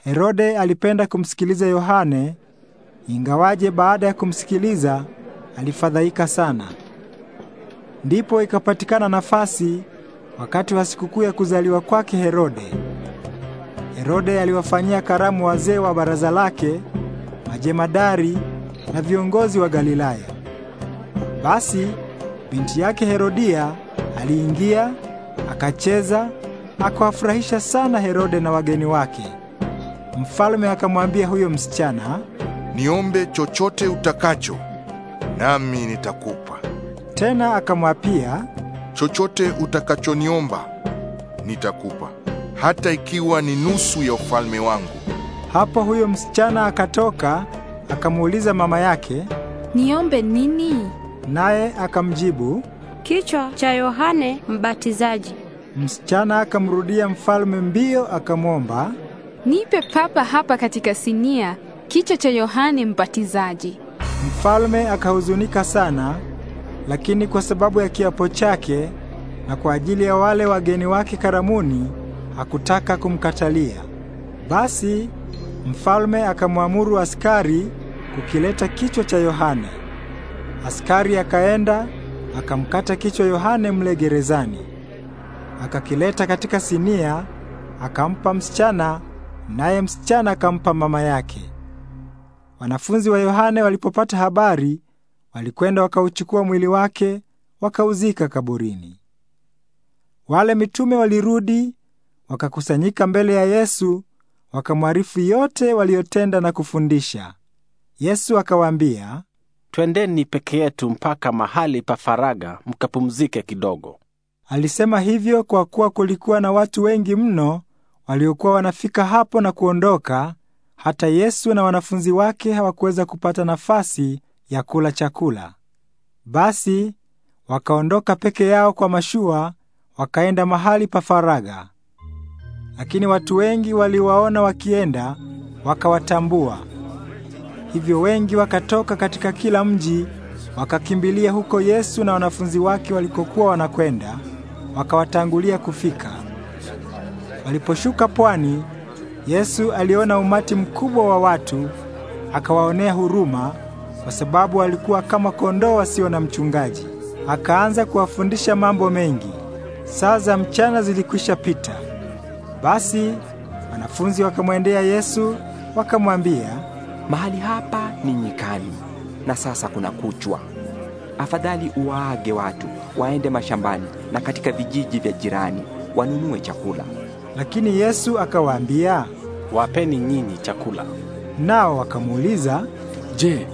Herode alipenda kumsikiliza Yohane, ingawaje baada ya kumsikiliza alifadhaika sana. Ndipo ikapatikana nafasi wakati wa sikukuu ya kuzaliwa kwake Herode. Herode aliwafanyia karamu wazee wa baraza lake, majemadari na viongozi wa Galilaya. Basi binti yake Herodia aliingia, akacheza, akawafurahisha sana Herode na wageni wake. Mfalme akamwambia huyo msichana, "Niombe chochote utakacho, nami nitakupa." Tena akamwapia, chochote utakachoniomba nitakupa, hata ikiwa ni nusu ya ufalme wangu. Hapo huyo msichana akatoka akamuuliza mama yake, niombe nini? Naye akamjibu, kichwa cha Yohane Mbatizaji. Msichana akamrudia mfalme mbio, akamwomba, nipe papa hapa katika sinia kichwa cha Yohane Mbatizaji. Mfalme akahuzunika sana, lakini kwa sababu ya kiapo chake na kwa ajili ya wale wageni wake karamuni hakutaka kumkatalia. Basi mfalme akamwamuru askari kukileta kichwa cha Yohane. Askari akaenda akamkata kichwa Yohane mle gerezani, akakileta katika sinia, akampa msichana, naye msichana akampa mama yake. Wanafunzi wa Yohane walipopata habari Walikwenda wakauchukua mwili wake wakauzika kaburini. Wale mitume walirudi wakakusanyika mbele ya Yesu wakamwarifu yote waliyotenda na kufundisha. Yesu akawaambia, Twendeni peke yetu mpaka mahali pa faraga mkapumzike kidogo. Alisema hivyo kwa kuwa kulikuwa na watu wengi mno waliokuwa wanafika hapo na kuondoka, hata Yesu na wanafunzi wake hawakuweza kupata nafasi ya kula chakula. Basi wakaondoka peke yao kwa mashua, wakaenda mahali pa faraga. Lakini watu wengi waliwaona wakienda, wakawatambua. Hivyo wengi wakatoka katika kila mji, wakakimbilia huko Yesu na wanafunzi wake walikokuwa wanakwenda, wakawatangulia kufika. Waliposhuka pwani, Yesu aliona umati mkubwa wa watu, akawaonea huruma kwa sababu alikuwa kama kondoo wasio na mchungaji. Akaanza kuwafundisha mambo mengi. Saa za mchana zilikwisha pita. Basi wanafunzi wakamwendea Yesu wakamwambia, mahali hapa ni nyikani na sasa kuna kuchwa. Afadhali uwaage watu waende mashambani na katika vijiji vya jirani wanunue chakula. Lakini Yesu akawaambia, wapeni nyinyi chakula. Nao wakamuuliza, je,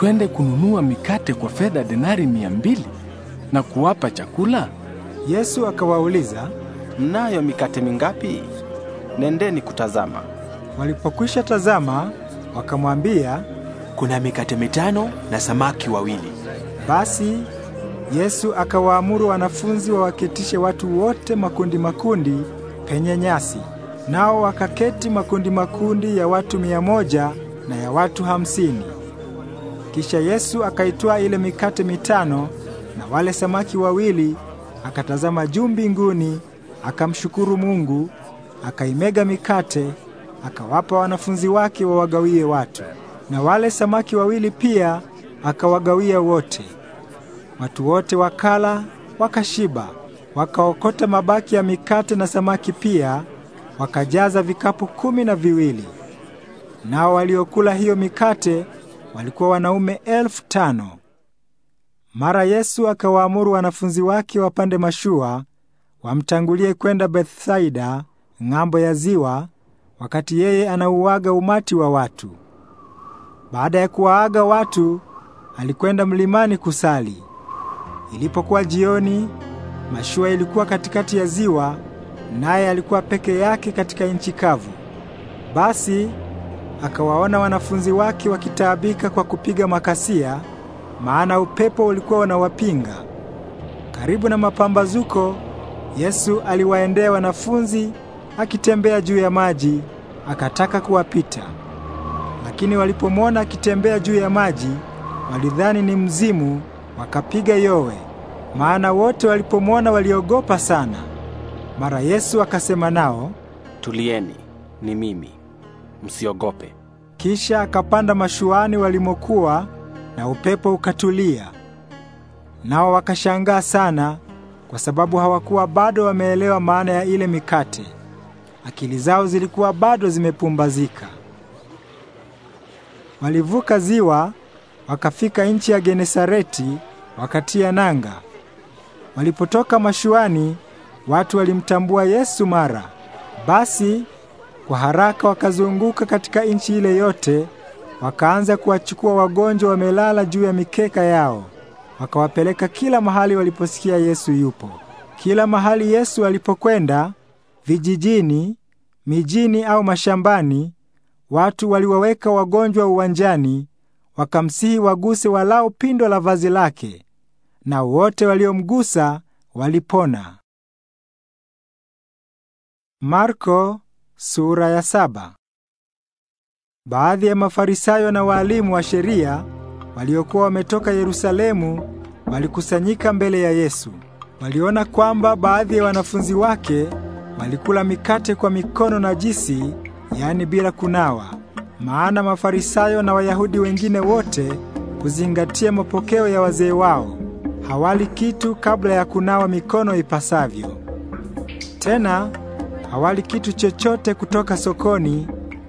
twende kununua mikate kwa fedha denari mia mbili na kuwapa chakula? Yesu akawauliza, mnayo mikate mingapi? Nendeni kutazama. Walipokwisha tazama, wakamwambia, kuna mikate mitano na samaki wawili. Basi Yesu akawaamuru wanafunzi wawaketishe watu wote makundi makundi penye nyasi, nao wakaketi makundi makundi ya watu mia moja na ya watu hamsini. Kisha Yesu akaitwaa ile mikate mitano na wale samaki wawili, akatazama juu mbinguni, akamshukuru Mungu, akaimega mikate, akawapa wanafunzi wake wawagawie watu, na wale samaki wawili pia akawagawia wote. Watu wote wakala wakashiba, wakaokota mabaki ya mikate na samaki pia, wakajaza vikapu kumi na viwili. Nao waliokula hiyo mikate walikuwa wanaume elfu tano. Mara Yesu akawaamuru wanafunzi wake wapande mashua wamtangulie kwenda Bethsaida ng'ambo ya ziwa, wakati yeye anauaga umati wa watu. Baada ya kuwaaga watu, alikwenda mlimani kusali. Ilipokuwa jioni, mashua ilikuwa katikati ya ziwa, naye alikuwa peke yake katika nchi kavu. Basi akawaona wanafunzi wake wakitaabika kwa kupiga makasia, maana upepo ulikuwa unawapinga. Karibu na mapambazuko, Yesu aliwaendea wanafunzi akitembea juu ya maji, akataka kuwapita. Lakini walipomwona akitembea juu ya maji, walidhani ni mzimu, wakapiga yowe, maana wote walipomwona waliogopa sana. Mara Yesu akasema nao, tulieni, ni mimi msiogope. Kisha akapanda mashuani walimokuwa, na upepo ukatulia. Nao wakashangaa sana, kwa sababu hawakuwa bado wameelewa maana ya ile mikate. Akili zao zilikuwa bado zimepumbazika. Walivuka ziwa wakafika nchi ya Genesareti, wakatia nanga. Walipotoka mashuani, watu walimtambua Yesu mara. Basi kwa haraka wakazunguka katika nchi ile yote, wakaanza kuwachukua wagonjwa wamelala juu ya mikeka yao, wakawapeleka kila mahali waliposikia Yesu yupo. Kila mahali Yesu alipokwenda, vijijini, mijini au mashambani, watu waliwaweka wagonjwa uwanjani, wakamsihi waguse walao pindo la vazi lake, na wote waliomgusa walipona. Marko Sura ya saba. Baadhi ya Mafarisayo na waalimu wa sheria waliokuwa wametoka Yerusalemu walikusanyika mbele ya Yesu. Waliona kwamba baadhi ya wanafunzi wake walikula mikate kwa mikono najisi, yaani bila kunawa. Maana Mafarisayo na Wayahudi wengine wote kuzingatia mapokeo ya wazee wao, hawali kitu kabla ya kunawa mikono ipasavyo. Tena hawali kitu chochote kutoka sokoni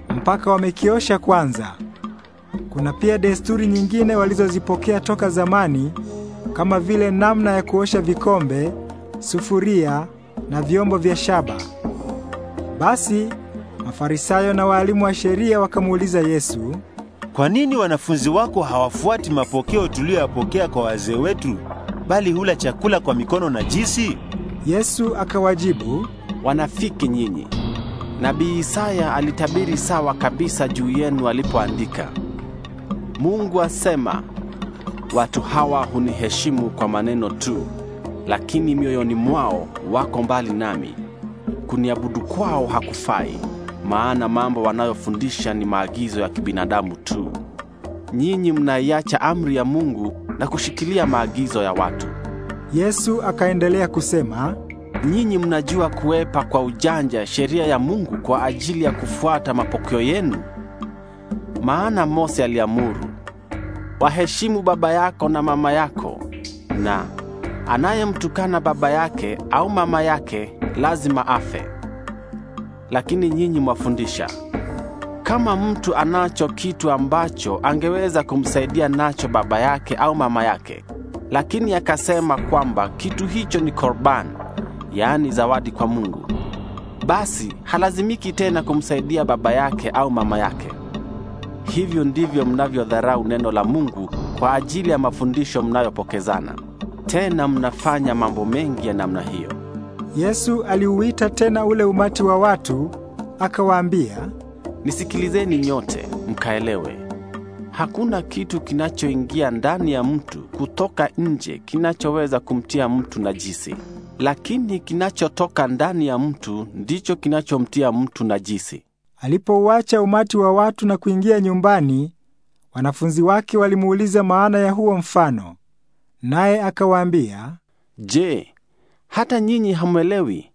mpaka wamekiosha kwanza. Kuna pia desturi nyingine walizozipokea toka zamani kama vile namna ya kuosha vikombe, sufuria na vyombo vya shaba. Basi Mafarisayo na waalimu wa sheria wakamuuliza Yesu, "Kwa nini wanafunzi wako hawafuati mapokeo tuliyoyapokea kwa wazee wetu, bali hula chakula kwa mikono najisi?" Yesu akawajibu, wanafiki nyinyi. Nabii Isaya alitabiri sawa kabisa juu yenu alipoandika, Mungu asema, watu hawa huniheshimu kwa maneno tu, lakini mioyoni mwao wako mbali nami. Kuniabudu kwao hakufai, maana mambo wanayofundisha ni maagizo ya kibinadamu tu. Nyinyi mnaiacha amri ya Mungu na kushikilia maagizo ya watu. Yesu akaendelea kusema, Nyinyi mnajua kuwepa kwa ujanja sheria ya Mungu kwa ajili ya kufuata mapokeo yenu. Maana Mose aliamuru, waheshimu baba yako na mama yako, na anayemtukana baba yake au mama yake lazima afe. Lakini nyinyi mwafundisha kama mtu anacho kitu ambacho angeweza kumsaidia nacho baba yake au mama yake, lakini akasema kwamba kitu hicho ni korbani yaani zawadi kwa Mungu, basi halazimiki tena kumsaidia baba yake au mama yake. Hivyo ndivyo mnavyodharau neno la Mungu kwa ajili ya mafundisho mnayopokezana. Tena mnafanya mambo mengi ya namna hiyo. Yesu aliuita tena ule umati wa watu akawaambia, nisikilizeni nyote mkaelewe. Hakuna kitu kinachoingia ndani ya mtu kutoka nje kinachoweza kumtia mtu najisi lakini kinachotoka ndani ya mtu ndicho kinachomtia mtu najisi. Alipouacha umati wa watu na kuingia nyumbani, wanafunzi wake walimuuliza maana ya huo mfano, naye akawaambia, Je, hata nyinyi hamwelewi?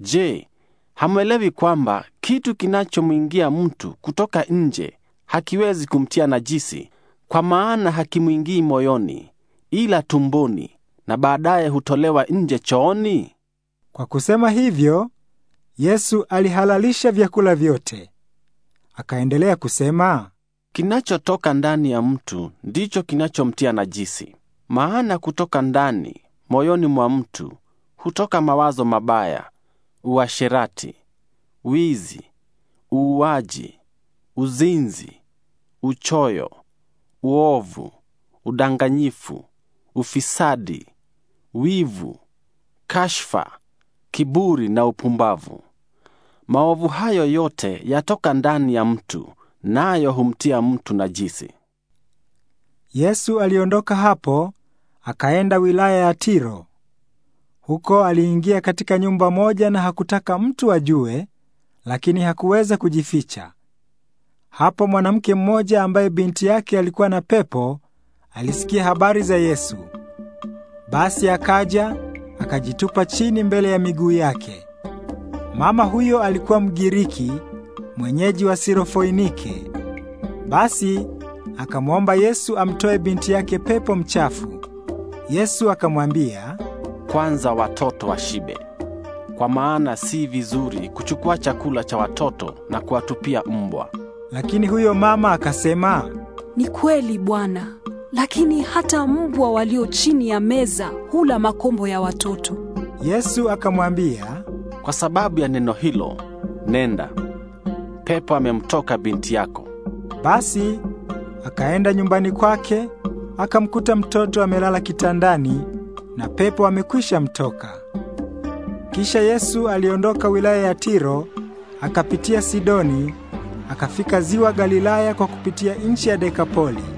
Je, hamwelewi kwamba kitu kinachomwingia mtu kutoka nje hakiwezi kumtia najisi, kwa maana hakimwingii moyoni, ila tumboni na baadaye hutolewa nje chooni? Kwa kusema hivyo, Yesu alihalalisha vyakula vyote. Akaendelea kusema, kinachotoka ndani ya mtu ndicho kinachomtia najisi. Maana kutoka ndani, moyoni mwa mtu, hutoka mawazo mabaya, uasherati, wizi, uuaji, uzinzi, uchoyo, uovu, udanganyifu, ufisadi, wivu, kashfa, kiburi na upumbavu. Maovu hayo yote yatoka ndani ya mtu, nayo humtia mtu najisi. Yesu aliondoka hapo akaenda wilaya ya Tiro. Huko aliingia katika nyumba moja na hakutaka mtu ajue, lakini hakuweza kujificha. Hapo mwanamke mmoja ambaye binti yake alikuwa na pepo alisikia habari za Yesu. Basi akaja akajitupa chini mbele ya miguu yake. Mama huyo alikuwa Mgiriki mwenyeji wa Sirofoinike. Basi akamwomba Yesu amtoe binti yake pepo mchafu. Yesu akamwambia, "Kwanza watoto washibe, kwa maana si vizuri kuchukua chakula cha watoto na kuwatupia mbwa." Lakini huyo mama akasema, "Ni kweli Bwana." lakini hata mbwa walio chini ya meza hula makombo ya watoto. Yesu akamwambia, kwa sababu ya neno hilo, nenda, pepo amemtoka binti yako. Basi akaenda nyumbani kwake, akamkuta mtoto amelala kitandani na pepo amekwisha mtoka. Kisha Yesu aliondoka wilaya ya Tiro, akapitia Sidoni, akafika ziwa Galilaya kwa kupitia nchi ya Dekapoli.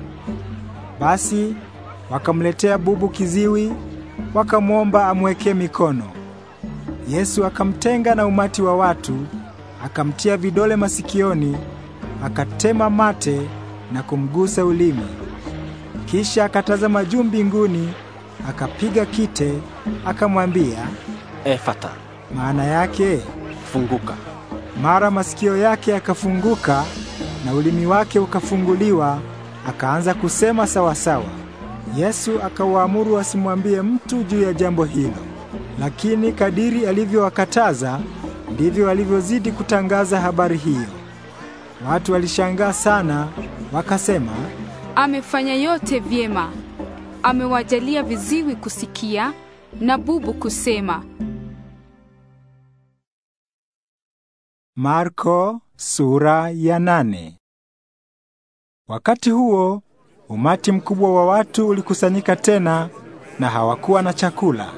Basi wakamletea bubu kiziwi, wakamwomba amwekee mikono. Yesu akamtenga na umati wa watu, akamtia vidole masikioni, akatema mate na kumgusa ulimi. Kisha akatazama juu mbinguni, akapiga kite, akamwambia, Efata, maana yake funguka. Mara masikio yake yakafunguka na ulimi wake ukafunguliwa akaanza kusema sawasawa. Yesu akawaamuru wasimwambie mtu juu ya jambo hilo, lakini kadiri alivyowakataza ndivyo alivyozidi kutangaza habari hiyo. Watu walishangaa sana, wakasema, amefanya yote vyema, amewajalia viziwi kusikia na bubu kusema. Marko sura ya nane. Wakati huo umati mkubwa wa watu ulikusanyika tena na hawakuwa na chakula.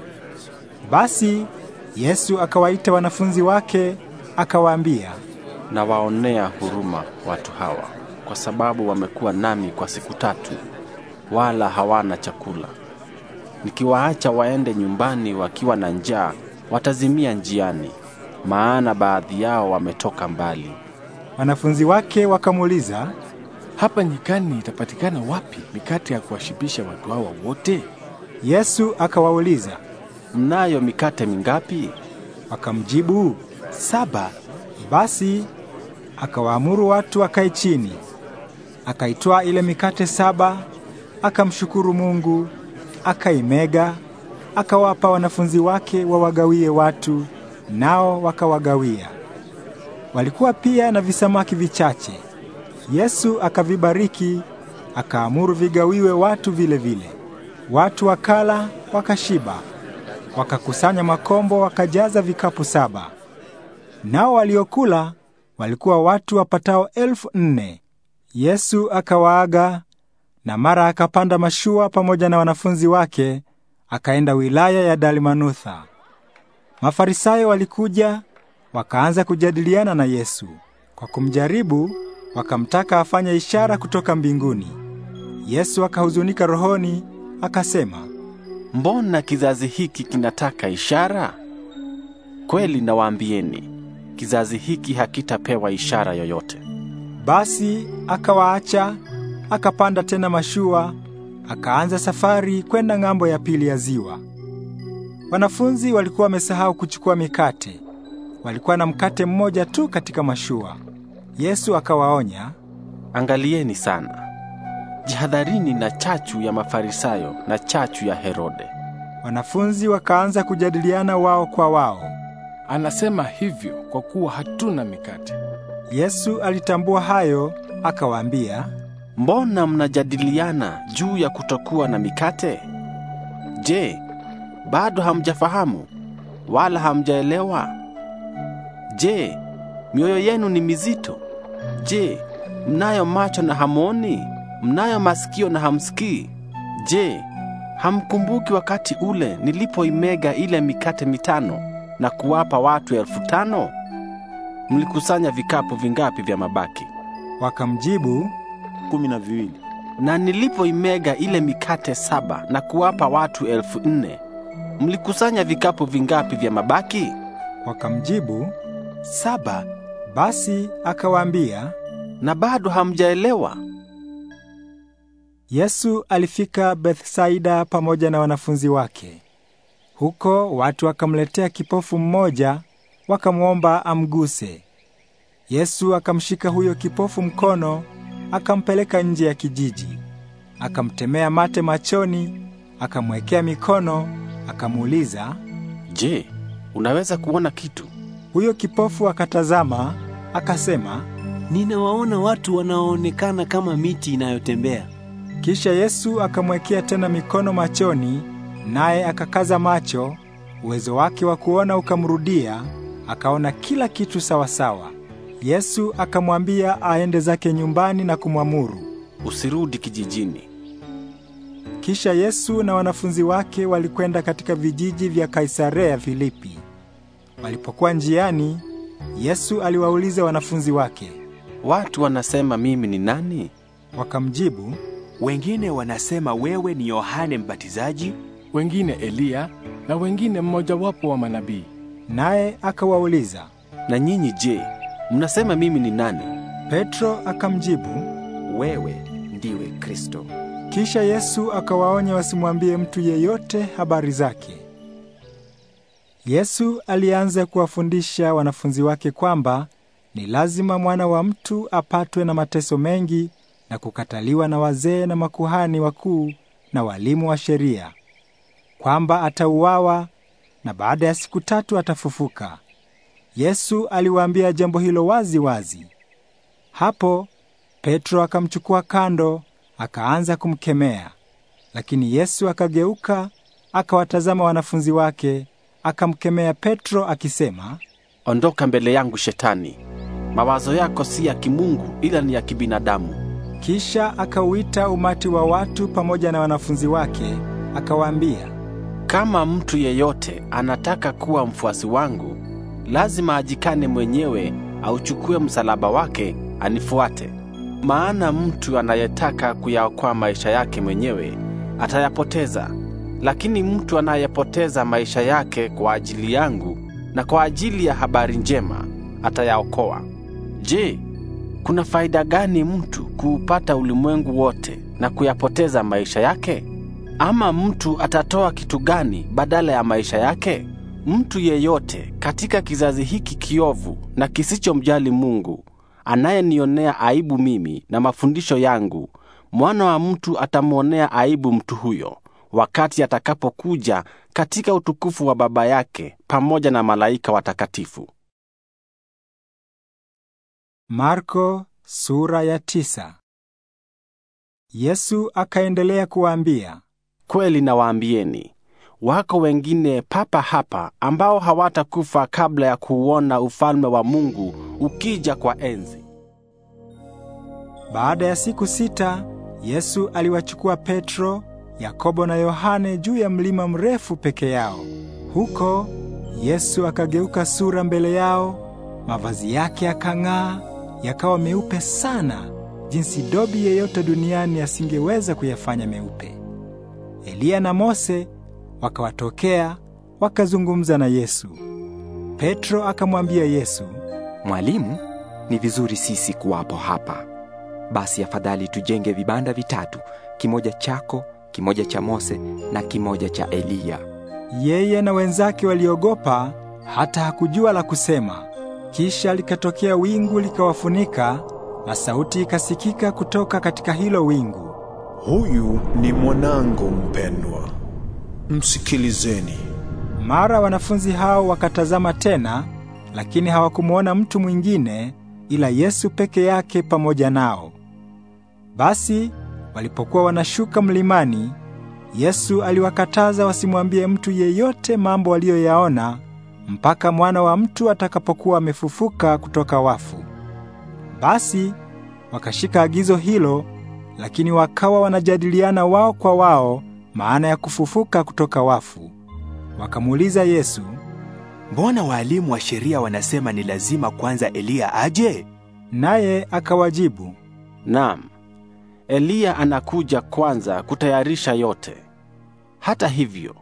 Basi Yesu akawaita wanafunzi wake akawaambia, nawaonea huruma watu hawa kwa sababu wamekuwa nami kwa siku tatu wala hawana chakula. Nikiwaacha waende nyumbani wakiwa na njaa, watazimia njiani, maana baadhi yao wametoka mbali. Wanafunzi wake wakamuuliza, hapa nyikani itapatikana wapi mikate ya kuwashibisha watu hawa wote? Yesu akawauliza, mnayo mikate mingapi? Wakamjibu, saba. Basi akawaamuru watu wakae chini. akaitoa ile mikate saba, akamshukuru Mungu, akaimega, akawapa wanafunzi wake wawagawie watu, nao wakawagawia. Walikuwa pia na visamaki vichache. Yesu akavibariki, akaamuru vigawiwe watu vile vile. Watu wakala wakashiba, wakakusanya makombo wakajaza vikapu saba. Nao waliokula walikuwa watu wapatao elfu nne. Yesu akawaaga na mara akapanda mashua pamoja na wanafunzi wake akaenda wilaya ya Dalmanutha. Mafarisayo walikuja wakaanza kujadiliana na Yesu kwa kumjaribu wakamtaka afanye ishara kutoka mbinguni. Yesu akahuzunika rohoni, akasema, Mbona kizazi hiki kinataka ishara? Kweli nawaambieni, kizazi hiki hakitapewa ishara yoyote. Basi akawaacha, akapanda tena mashua, akaanza safari kwenda ng'ambo ya pili ya ziwa. Wanafunzi walikuwa wamesahau kuchukua mikate. Walikuwa na mkate mmoja tu katika mashua. Yesu akawaonya, angalieni sana, jihadharini na chachu ya Mafarisayo na chachu ya Herode. Wanafunzi wakaanza kujadiliana wao kwa wao, anasema hivyo kwa kuwa hatuna mikate. Yesu alitambua hayo, akawaambia, mbona mnajadiliana juu ya kutokuwa na mikate? Je, bado hamjafahamu wala hamjaelewa? Je, mioyo yenu ni mizito? Je, mnayo macho na hamoni? Mnayo masikio na hamsikii? Je, hamkumbuki wakati ule nilipoimega ile mikate mitano na kuwapa watu elfu tano? Mlikusanya vikapu vingapi vya mabaki? Wakamjibu, kumi na viwili. Na nilipoimega ile mikate saba na kuwapa watu elfu nne, mlikusanya vikapu vingapi vya mabaki? Wakamjibu, saba. Basi akawaambia, na bado hamjaelewa? Yesu alifika Bethsaida pamoja na wanafunzi wake. Huko watu wakamletea kipofu mmoja, wakamwomba amguse. Yesu akamshika huyo kipofu mkono, akampeleka nje ya kijiji, akamtemea mate machoni, akamwekea mikono, akamuuliza, "Je, unaweza kuona kitu?" Huyo kipofu akatazama, akasema, ninawaona watu wanaoonekana kama miti inayotembea. Kisha Yesu akamwekea tena mikono machoni, naye akakaza macho, uwezo wake wa kuona ukamrudia, akaona kila kitu sawasawa. Yesu akamwambia aende zake nyumbani na kumwamuru, usirudi kijijini. Kisha Yesu na wanafunzi wake walikwenda katika vijiji vya Kaisarea Filipi. Walipokuwa njiani, Yesu aliwauliza wanafunzi wake, watu wanasema mimi ni nani? Wakamjibu, wengine wanasema wewe ni Yohane Mbatizaji, wengine Eliya, na wengine mmojawapo wa manabii. Naye akawauliza, na nyinyi je, mnasema mimi ni nani? Petro akamjibu, wewe ndiwe Kristo. Kisha Yesu akawaonya wasimwambie mtu yeyote habari zake. Yesu alianza kuwafundisha wanafunzi wake kwamba ni lazima mwana wa mtu apatwe na mateso mengi na kukataliwa na wazee na makuhani wakuu na walimu wa sheria, kwamba atauawa na baada ya siku tatu atafufuka. Yesu aliwaambia jambo hilo wazi wazi. Hapo Petro akamchukua kando, akaanza kumkemea, lakini Yesu akageuka, akawatazama wanafunzi wake akamkemea Petro akisema, ondoka mbele yangu Shetani, mawazo yako si ya kimungu ila ni ya kibinadamu. Kisha akauita umati wa watu pamoja na wanafunzi wake, akawaambia, kama mtu yeyote anataka kuwa mfuasi wangu, lazima ajikane mwenyewe, auchukue msalaba wake, anifuate. Maana mtu anayetaka kuyaokoa maisha yake mwenyewe atayapoteza lakini mtu anayepoteza maisha yake kwa ajili yangu na kwa ajili ya habari njema atayaokoa. Je, kuna faida gani mtu kuupata ulimwengu wote na kuyapoteza maisha yake? Ama mtu atatoa kitu gani badala ya maisha yake? Mtu yeyote katika kizazi hiki kiovu na kisichomjali Mungu, anayenionea aibu mimi na mafundisho yangu, mwana wa mtu atamwonea aibu mtu huyo wakati atakapokuja katika utukufu wa Baba yake pamoja na malaika watakatifu. Marko sura ya tisa. Yesu akaendelea kuwaambia, kweli nawaambieni, wako wengine papa hapa ambao hawatakufa kabla ya kuuona ufalme wa Mungu ukija kwa enzi. Baada ya siku sita, Yesu aliwachukua Petro Yakobo na Yohane juu ya mlima mrefu peke yao. Huko Yesu akageuka sura mbele yao, mavazi yake yakang'aa, yakawa meupe sana, jinsi dobi yeyote duniani asingeweza kuyafanya meupe. Eliya na Mose wakawatokea, wakazungumza na Yesu. Petro akamwambia Yesu, Mwalimu, ni vizuri sisi kuwapo hapa. Basi afadhali tujenge vibanda vitatu, kimoja chako kimoja cha Mose na kimoja cha Eliya. Yeye na wenzake waliogopa hata hakujua la kusema. Kisha likatokea wingu likawafunika, na sauti ikasikika kutoka katika hilo wingu, huyu ni mwanangu mpendwa, msikilizeni. Mara wanafunzi hao wakatazama tena, lakini hawakumwona mtu mwingine ila Yesu peke yake pamoja nao. Basi Walipokuwa wanashuka mlimani, Yesu aliwakataza wasimwambie mtu yeyote mambo aliyoyaona mpaka mwana wa mtu atakapokuwa amefufuka kutoka wafu. Basi wakashika agizo hilo, lakini wakawa wanajadiliana wao kwa wao maana ya kufufuka kutoka wafu. Wakamuuliza Yesu, mbona waalimu wa sheria wanasema ni lazima kwanza Eliya aje? Naye akawajibu, naam, Eliya anakuja kwanza kutayarisha yote. Hata hivyo,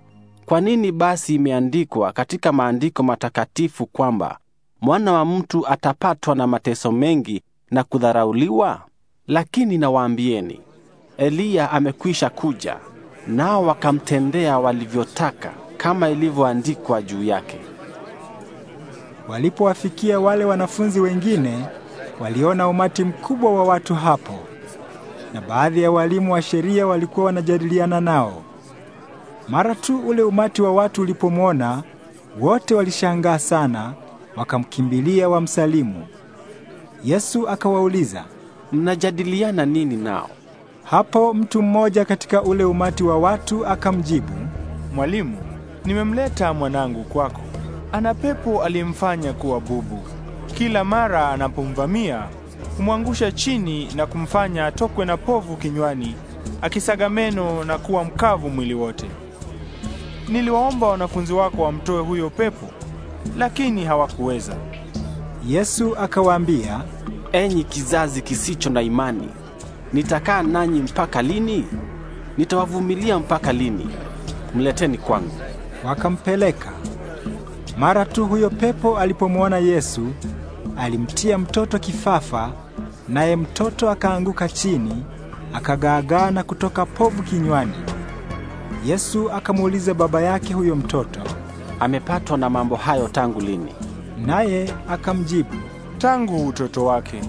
kwa nini basi imeandikwa katika maandiko matakatifu kwamba mwana wa mtu atapatwa na mateso mengi na kudharauliwa? Lakini nawaambieni, Eliya amekwisha kuja, nao wakamtendea walivyotaka kama ilivyoandikwa juu yake. Walipowafikia wale wanafunzi wengine, waliona umati mkubwa wa watu hapo na baadhi ya walimu wa sheria walikuwa wanajadiliana nao. Mara tu ule umati wa watu ulipomwona, wote walishangaa sana, wakamkimbilia wamsalimu. Yesu akawauliza, mnajadiliana nini nao? Hapo mtu mmoja katika ule umati wa watu akamjibu, Mwalimu, nimemleta mwanangu kwako. Ana pepo aliyemfanya kuwa bubu. Kila mara anapomvamia kumwangusha chini na kumfanya atokwe na povu kinywani, akisaga meno na kuwa mkavu mwili wote. Niliwaomba wanafunzi wako wamtoe huyo pepo, lakini hawakuweza. Yesu akawaambia, enyi kizazi kisicho na imani, nitakaa nanyi mpaka lini? Nitawavumilia mpaka lini? Mleteni kwangu. Wakampeleka. Mara tu huyo pepo alipomwona Yesu, alimtia mtoto kifafa naye mtoto akaanguka chini akagaagaa na kutoka povu kinywani. Yesu akamuuliza baba yake huyo mtoto, amepatwa na mambo hayo tangu lini? Naye akamjibu, tangu utoto wake,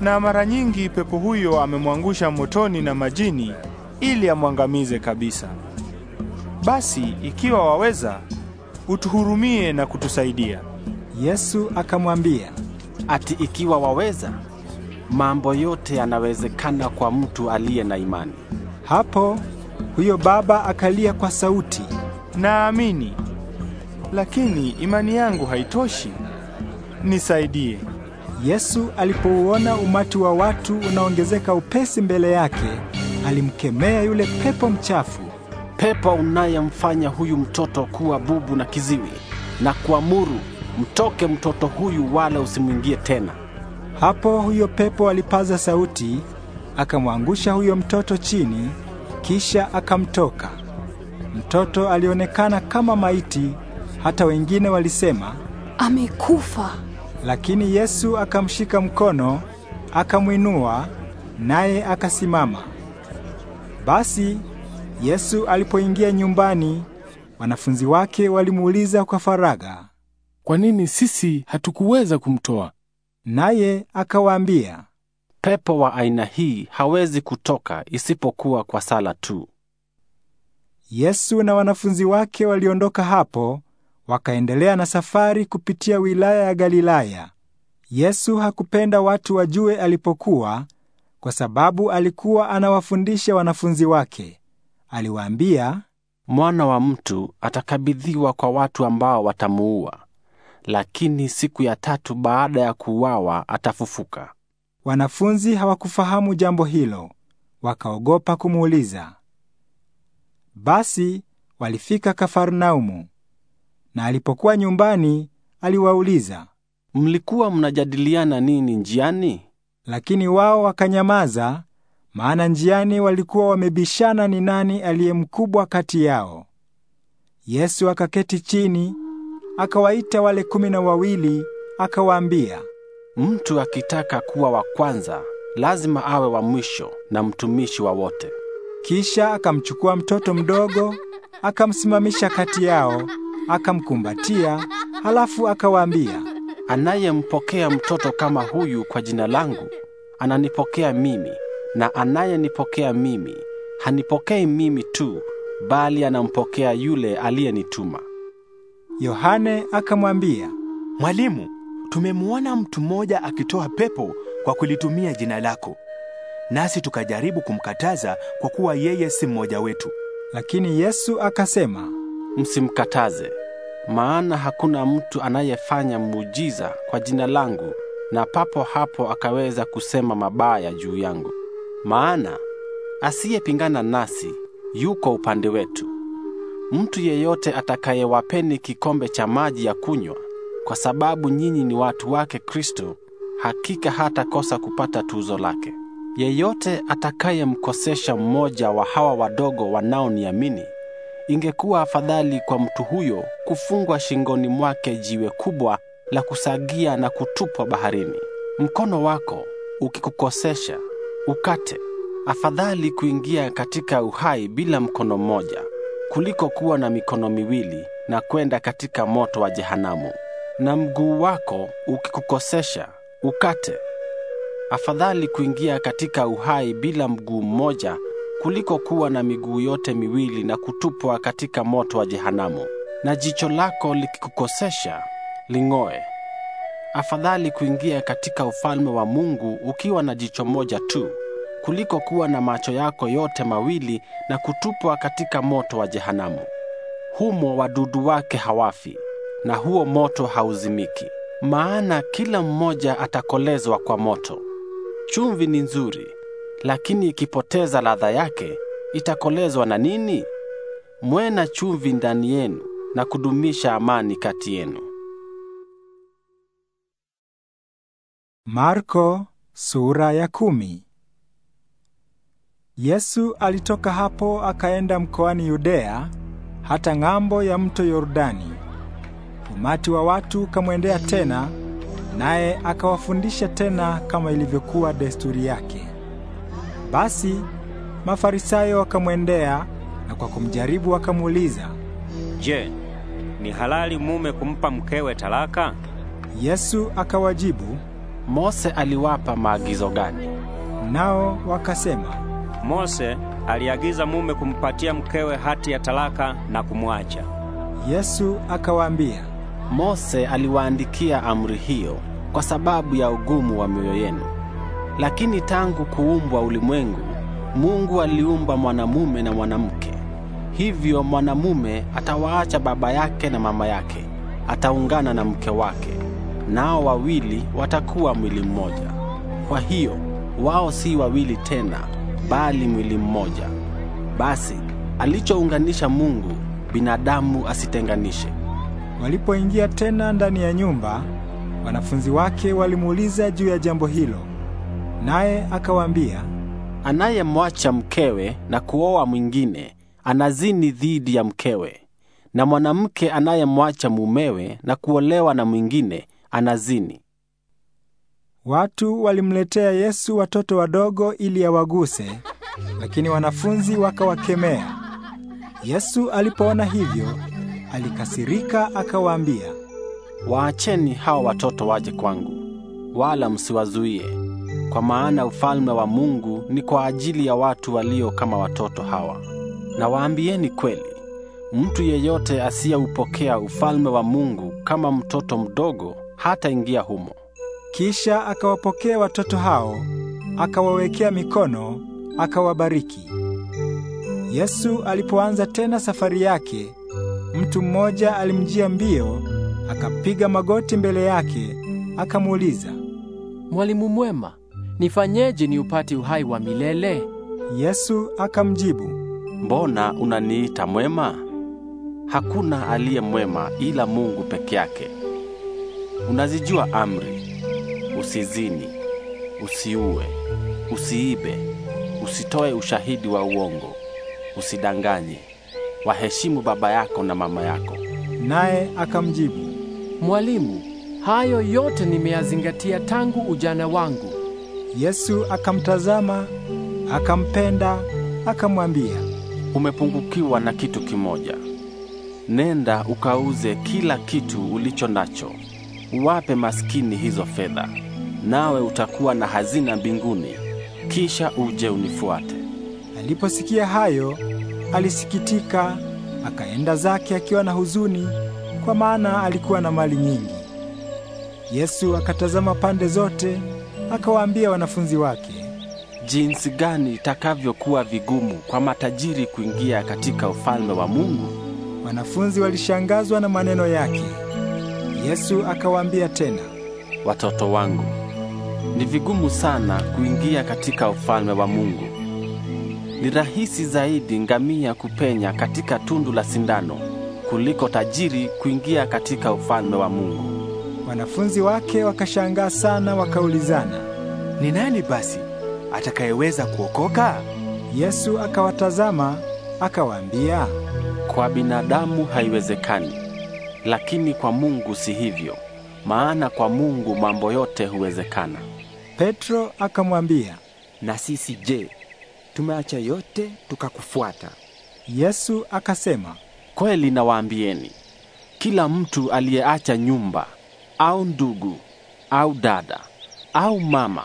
na mara nyingi pepo huyo amemwangusha motoni na majini ili amwangamize kabisa. Basi ikiwa waweza, utuhurumie na kutusaidia. Yesu akamwambia, ati ikiwa waweza? mambo yote yanawezekana kwa mtu aliye na imani. Hapo huyo baba akalia kwa sauti, naamini, lakini imani yangu haitoshi, nisaidie. Yesu alipouona umati wa watu unaongezeka upesi mbele yake, alimkemea yule pepo mchafu, pepo unayemfanya huyu mtoto kuwa bubu na kiziwi, na kuamuru mtoke mtoto huyu, wala usimwingie tena. Hapo huyo pepo alipaza sauti, akamwangusha huyo mtoto chini, kisha akamtoka. Mtoto alionekana kama maiti, hata wengine walisema amekufa. Lakini Yesu akamshika mkono, akamwinua, naye akasimama. Basi Yesu alipoingia nyumbani, wanafunzi wake walimuuliza kwa faraga kwa nini sisi hatukuweza kumtoa? Naye akawaambia, pepo wa aina hii hawezi kutoka isipokuwa kwa sala tu. Yesu na wanafunzi wake waliondoka hapo, wakaendelea na safari kupitia wilaya ya Galilaya. Yesu hakupenda watu wajue alipokuwa, kwa sababu alikuwa anawafundisha wanafunzi wake. Aliwaambia, Mwana wa mtu atakabidhiwa kwa watu ambao watamuua lakini siku ya tatu baada ya kuuawa atafufuka. Wanafunzi hawakufahamu jambo hilo, wakaogopa kumuuliza. Basi walifika Kafarnaumu, na alipokuwa nyumbani aliwauliza, mlikuwa mnajadiliana nini njiani? Lakini wao wakanyamaza, maana njiani walikuwa wamebishana ni nani aliye mkubwa kati yao. Yesu akaketi chini akawaita wale kumi na wawili akawaambia, mtu akitaka kuwa wa kwanza lazima awe wa mwisho na mtumishi wa wote. Kisha akamchukua mtoto mdogo akamsimamisha kati yao, akamkumbatia, halafu akawaambia, anayempokea mtoto kama huyu kwa jina langu ananipokea mimi, na anayenipokea mimi hanipokei mimi tu, bali anampokea yule aliyenituma. Yohane akamwambia, Mwalimu, tumemwona mtu mmoja akitoa pepo kwa kulitumia jina lako, nasi tukajaribu kumkataza kwa kuwa yeye si mmoja wetu. Lakini Yesu akasema, msimkataze, maana hakuna mtu anayefanya muujiza kwa jina langu na papo hapo akaweza kusema mabaya juu yangu, maana asiyepingana nasi yuko upande wetu mtu yeyote atakayewapeni kikombe cha maji ya kunywa, kwa sababu nyinyi ni watu wake Kristo, hakika hatakosa kupata tuzo lake. Yeyote atakayemkosesha mmoja wa hawa wadogo wanaoniamini, ingekuwa afadhali kwa mtu huyo kufungwa shingoni mwake jiwe kubwa la kusagia na kutupwa baharini. Mkono wako ukikukosesha, ukate. Afadhali kuingia katika uhai bila mkono mmoja kuliko kuwa na mikono miwili na kwenda katika moto wa jehanamu. Na mguu wako ukikukosesha, ukate. Afadhali kuingia katika uhai bila mguu mmoja kuliko kuwa na miguu yote miwili na kutupwa katika moto wa jehanamu. Na jicho lako likikukosesha, ling'oe. Afadhali kuingia katika ufalme wa Mungu ukiwa na jicho moja tu kuliko kuwa na macho yako yote mawili na kutupwa katika moto wa jehanamu. Humo wadudu wake hawafi na huo moto hauzimiki, maana kila mmoja atakolezwa kwa moto. Chumvi ni nzuri, lakini ikipoteza ladha yake itakolezwa na nini? Mwe na chumvi ndani yenu na kudumisha amani kati yenu. Marko sura ya kumi. Yesu alitoka hapo akaenda mkoani Yudea hata ng'ambo ya mto Yordani. Umati wa watu ukamwendea tena, naye akawafundisha tena kama ilivyokuwa desturi yake. Basi Mafarisayo wakamwendea na kwa kumjaribu wakamuuliza, Je, ni halali mume kumpa mkewe talaka? Yesu akawajibu, Mose aliwapa maagizo gani? Nao wakasema Mose aliagiza mume kumpatia mkewe hati ya talaka na kumwacha. Yesu akawaambia, Mose aliwaandikia amri hiyo kwa sababu ya ugumu wa mioyo yenu. Lakini tangu kuumbwa ulimwengu, Mungu aliumba mwanamume na mwanamke. Hivyo mwanamume atawaacha baba yake na mama yake, ataungana na mke wake, nao wawili watakuwa mwili mmoja. Kwa hiyo wao si wawili tena bali mwili mmoja. Basi alichounganisha Mungu, binadamu asitenganishe. Walipoingia tena ndani ya nyumba, wanafunzi wake walimuuliza juu ya jambo hilo, naye akawaambia, anayemwacha mkewe na kuoa mwingine anazini dhidi ya mkewe, na mwanamke anayemwacha mumewe na kuolewa na mwingine anazini. Watu walimletea Yesu watoto wadogo ili awaguse, lakini wanafunzi wakawakemea. Yesu alipoona hivyo, alikasirika akawaambia, Waacheni hawa watoto waje kwangu, wala msiwazuie, kwa maana ufalme wa Mungu ni kwa ajili ya watu walio kama watoto hawa. Na waambieni kweli, mtu yeyote asiyeupokea ufalme wa Mungu kama mtoto mdogo hataingia humo. Kisha akawapokea watoto hao, akawawekea mikono, akawabariki. Yesu alipoanza tena safari yake, mtu mmoja alimjia mbio, akapiga magoti mbele yake, akamuuliza, Mwalimu mwema, nifanyeje niupate uhai wa milele? Yesu akamjibu, Mbona unaniita mwema? Hakuna aliye mwema ila Mungu peke yake. Unazijua amri usizini, usiue, usiibe, usitoe ushahidi wa uongo, usidanganye, waheshimu baba yako na mama yako. Naye akamjibu, Mwalimu, hayo yote nimeyazingatia tangu ujana wangu. Yesu akamtazama, akampenda, akamwambia, umepungukiwa na kitu kimoja. Nenda ukauze kila kitu ulicho nacho, uwape maskini hizo fedha nawe utakuwa na hazina mbinguni, kisha uje unifuate. Aliposikia hayo, alisikitika, akaenda zake akiwa na huzuni, kwa maana alikuwa na mali nyingi. Yesu akatazama pande zote, akawaambia wanafunzi wake, jinsi gani itakavyokuwa vigumu kwa matajiri kuingia katika ufalme wa Mungu. Wanafunzi walishangazwa na maneno yake. Yesu akawaambia tena, watoto wangu ni vigumu sana kuingia katika ufalme wa Mungu. Ni rahisi zaidi ngamia kupenya katika tundu la sindano kuliko tajiri kuingia katika ufalme wa Mungu. Wanafunzi wake wakashangaa sana, wakaulizana, ni nani basi atakayeweza kuokoka? Yesu akawatazama akawaambia, kwa binadamu haiwezekani, lakini kwa Mungu si hivyo, maana kwa Mungu mambo yote huwezekana. Petro akamwambia, na sisi je, tumeacha yote tukakufuata? Yesu akasema, kweli nawaambieni, kila mtu aliyeacha nyumba au ndugu au dada au mama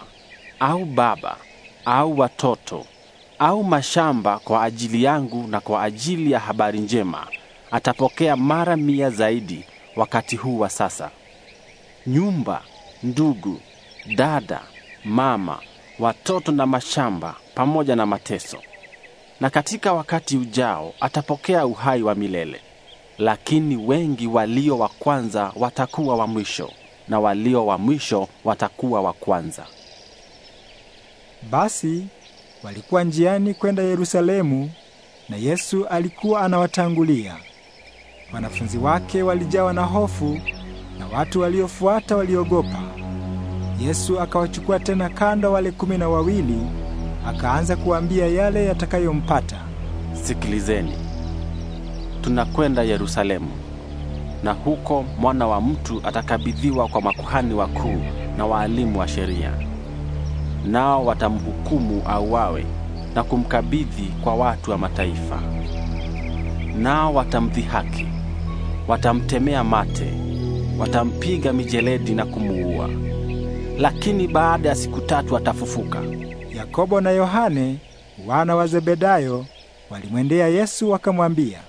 au baba au watoto au mashamba kwa ajili yangu na kwa ajili ya habari njema atapokea mara mia zaidi wakati huu wa sasa. Nyumba, ndugu, dada mama, watoto na mashamba pamoja na mateso. Na katika wakati ujao atapokea uhai wa milele. Lakini wengi walio wa kwanza watakuwa wa mwisho na walio wa mwisho watakuwa wa kwanza. Basi walikuwa njiani kwenda Yerusalemu na Yesu alikuwa anawatangulia. Wanafunzi wake walijawa na hofu na watu waliofuata waliogopa. Yesu akawachukua tena kando wale kumi na wawili, akaanza kuwaambia yale yatakayompata. Sikilizeni, tunakwenda Yerusalemu, na huko mwana wa mtu atakabidhiwa kwa makuhani wakuu na waalimu wa sheria, nao watamhukumu auawe na kumkabidhi kwa watu wa mataifa. Nao watamdhihaki, watamtemea mate, watampiga mijeledi na kumuua lakini baada ya siku tatu atafufuka. Yakobo na Yohane wana wa Zebedayo walimwendea Yesu wakamwambia,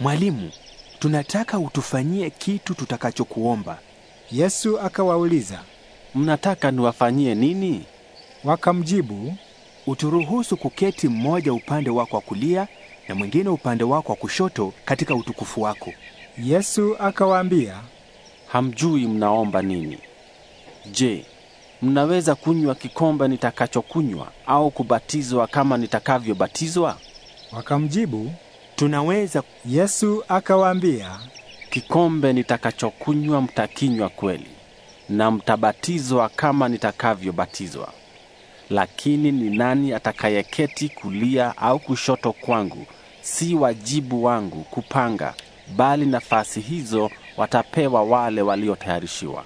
Mwalimu, tunataka utufanyie kitu tutakachokuomba. Yesu akawauliza, mnataka niwafanyie nini? Wakamjibu, uturuhusu kuketi mmoja upande wako wa kulia na mwingine upande wako wa kushoto katika utukufu wako. Yesu akawaambia, hamjui mnaomba nini. Je, mnaweza kunywa kikombe nitakachokunywa au kubatizwa kama nitakavyobatizwa? Wakamjibu, tunaweza. Yesu akawaambia, kikombe nitakachokunywa mtakinywa kweli, na mtabatizwa kama nitakavyobatizwa. Lakini ni nani atakayeketi kulia au kushoto kwangu? Si wajibu wangu kupanga, bali nafasi hizo watapewa wale waliotayarishiwa.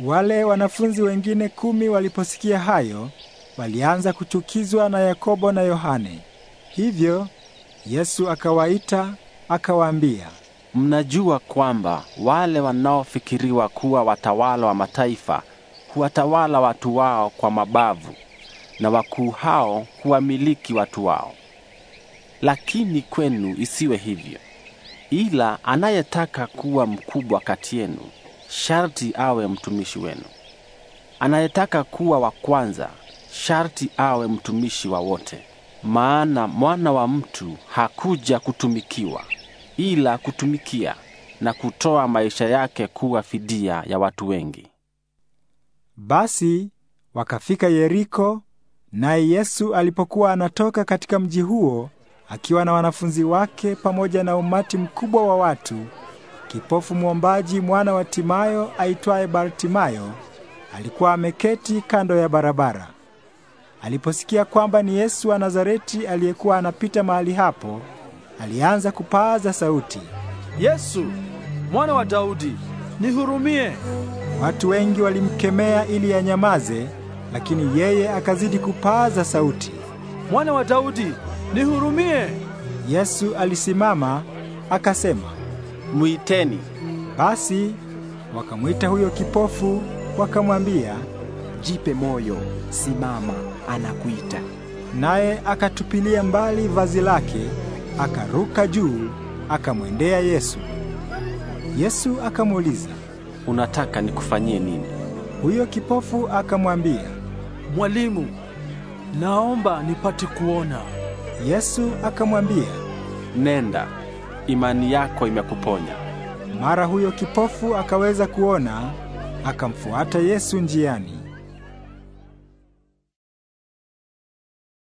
Wale wanafunzi wengine kumi waliposikia hayo, walianza kuchukizwa na Yakobo na Yohane. Hivyo Yesu akawaita akawaambia, mnajua kwamba wale wanaofikiriwa kuwa watawala wa mataifa huwatawala watu wao kwa mabavu, na wakuu hao huwamiliki watu wao. Lakini kwenu isiwe hivyo, ila anayetaka kuwa mkubwa kati yenu sharti awe mtumishi wenu. Anayetaka kuwa wa kwanza sharti awe mtumishi wa wote. Maana mwana wa mtu hakuja kutumikiwa, ila kutumikia na kutoa maisha yake kuwa fidia ya watu wengi. Basi wakafika Yeriko, naye Yesu alipokuwa anatoka katika mji huo akiwa na wanafunzi wake pamoja na umati mkubwa wa watu, Kipofu mwombaji mwana wa Timayo aitwaye Bartimayo alikuwa ameketi kando ya barabara. Aliposikia kwamba ni Yesu wa Nazareti aliyekuwa anapita mahali hapo, alianza kupaaza sauti, Yesu mwana wa Daudi, nihurumie. Watu wengi walimkemea ili anyamaze, lakini yeye akazidi kupaaza sauti, mwana wa Daudi, nihurumie. Yesu alisimama akasema, mwiteni. Basi wakamwita huyo kipofu, wakamwambia, jipe moyo, simama, anakuita. Naye akatupilia mbali vazi lake, akaruka juu, akamwendea Yesu. Yesu akamuuliza, unataka nikufanyie nini? Huyo kipofu akamwambia, Mwalimu, naomba nipate kuona. Yesu akamwambia, nenda imani yako imekuponya. Mara huyo kipofu akaweza kuona, akamfuata Yesu njiani.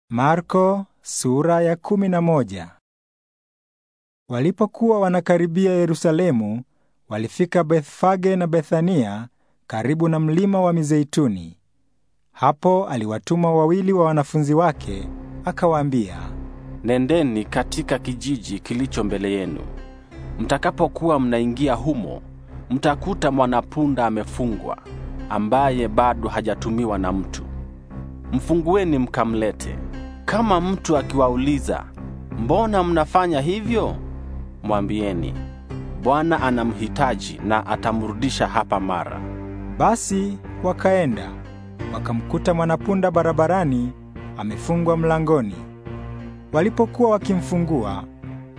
Marko sura ya kumi na moja. Walipokuwa wanakaribia Yerusalemu, walifika Bethfage na Bethania karibu na mlima wa Mizeituni. Hapo aliwatuma wawili wa wanafunzi wake, akawaambia, nendeni katika kijiji kilicho mbele yenu. Mtakapokuwa mnaingia humo, mtakuta mwanapunda amefungwa, ambaye bado hajatumiwa na mtu. Mfungueni mkamlete. Kama mtu akiwauliza mbona mnafanya hivyo, mwambieni Bwana anamhitaji na atamrudisha hapa mara. Basi wakaenda wakamkuta mwanapunda barabarani, amefungwa mlangoni, Walipokuwa wakimfungua,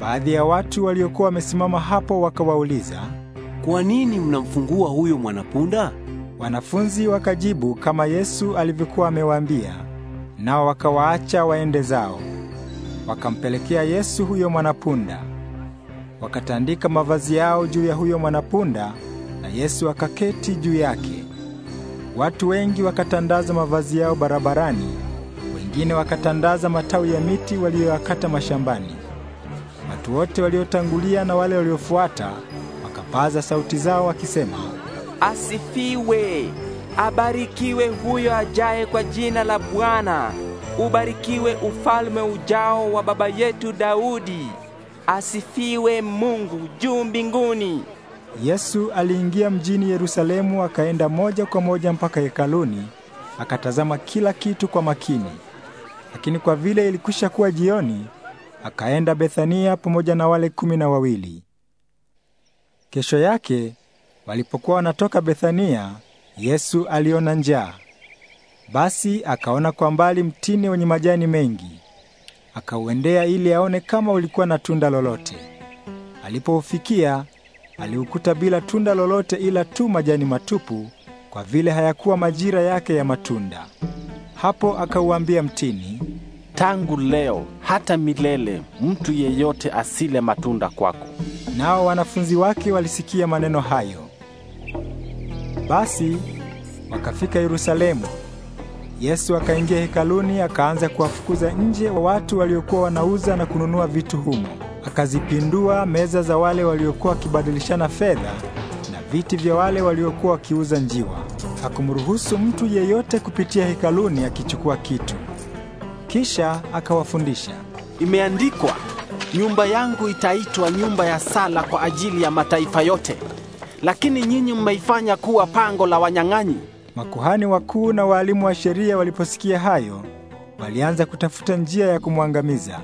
baadhi ya watu waliokuwa wamesimama hapo wakawauliza, kwa nini mnamfungua huyo mwanapunda? Wanafunzi wakajibu kama Yesu alivyokuwa amewaambia, nao wakawaacha waende zao. Wakampelekea Yesu huyo mwanapunda, wakatandika mavazi yao juu ya huyo mwanapunda, na Yesu akaketi juu yake. Watu wengi wakatandaza mavazi yao barabarani wengine wakatandaza matawi ya miti waliyoyakata mashambani. Watu wote waliotangulia na wale waliofuata wakapaza sauti zao wakisema, asifiwe, abarikiwe huyo ajaye kwa jina la Bwana, ubarikiwe ufalme ujao wa baba yetu Daudi, asifiwe Mungu juu mbinguni. Yesu aliingia mjini Yerusalemu akaenda moja kwa moja mpaka hekaluni, akatazama kila kitu kwa makini. Lakini kwa vile ilikwisha kuwa jioni, akaenda Bethania pamoja na wale kumi na wawili. Kesho yake walipokuwa wanatoka Bethania, Yesu aliona njaa. Basi akaona kwa mbali mtini wenye majani mengi, akauendea ili aone kama ulikuwa na tunda lolote. Alipoufikia aliukuta bila tunda lolote ila tu majani matupu, kwa vile hayakuwa majira yake ya matunda. Hapo akauambia mtini, tangu leo hata milele mtu yeyote asile matunda kwako. Nao wanafunzi wake walisikia maneno hayo. Basi wakafika Yerusalemu. Yesu akaingia hekaluni, akaanza kuwafukuza nje wa watu waliokuwa wanauza na kununua vitu humo. Akazipindua meza za wale waliokuwa wakibadilishana fedha viti vya wale waliokuwa wakiuza njiwa. Hakumruhusu mtu yeyote kupitia hekaluni akichukua kitu. Kisha akawafundisha, imeandikwa, nyumba yangu itaitwa nyumba ya sala kwa ajili ya mataifa yote, lakini nyinyi mmeifanya kuwa pango la wanyang'anyi. Makuhani wakuu na waalimu wa sheria waliposikia hayo, walianza kutafuta njia ya kumwangamiza,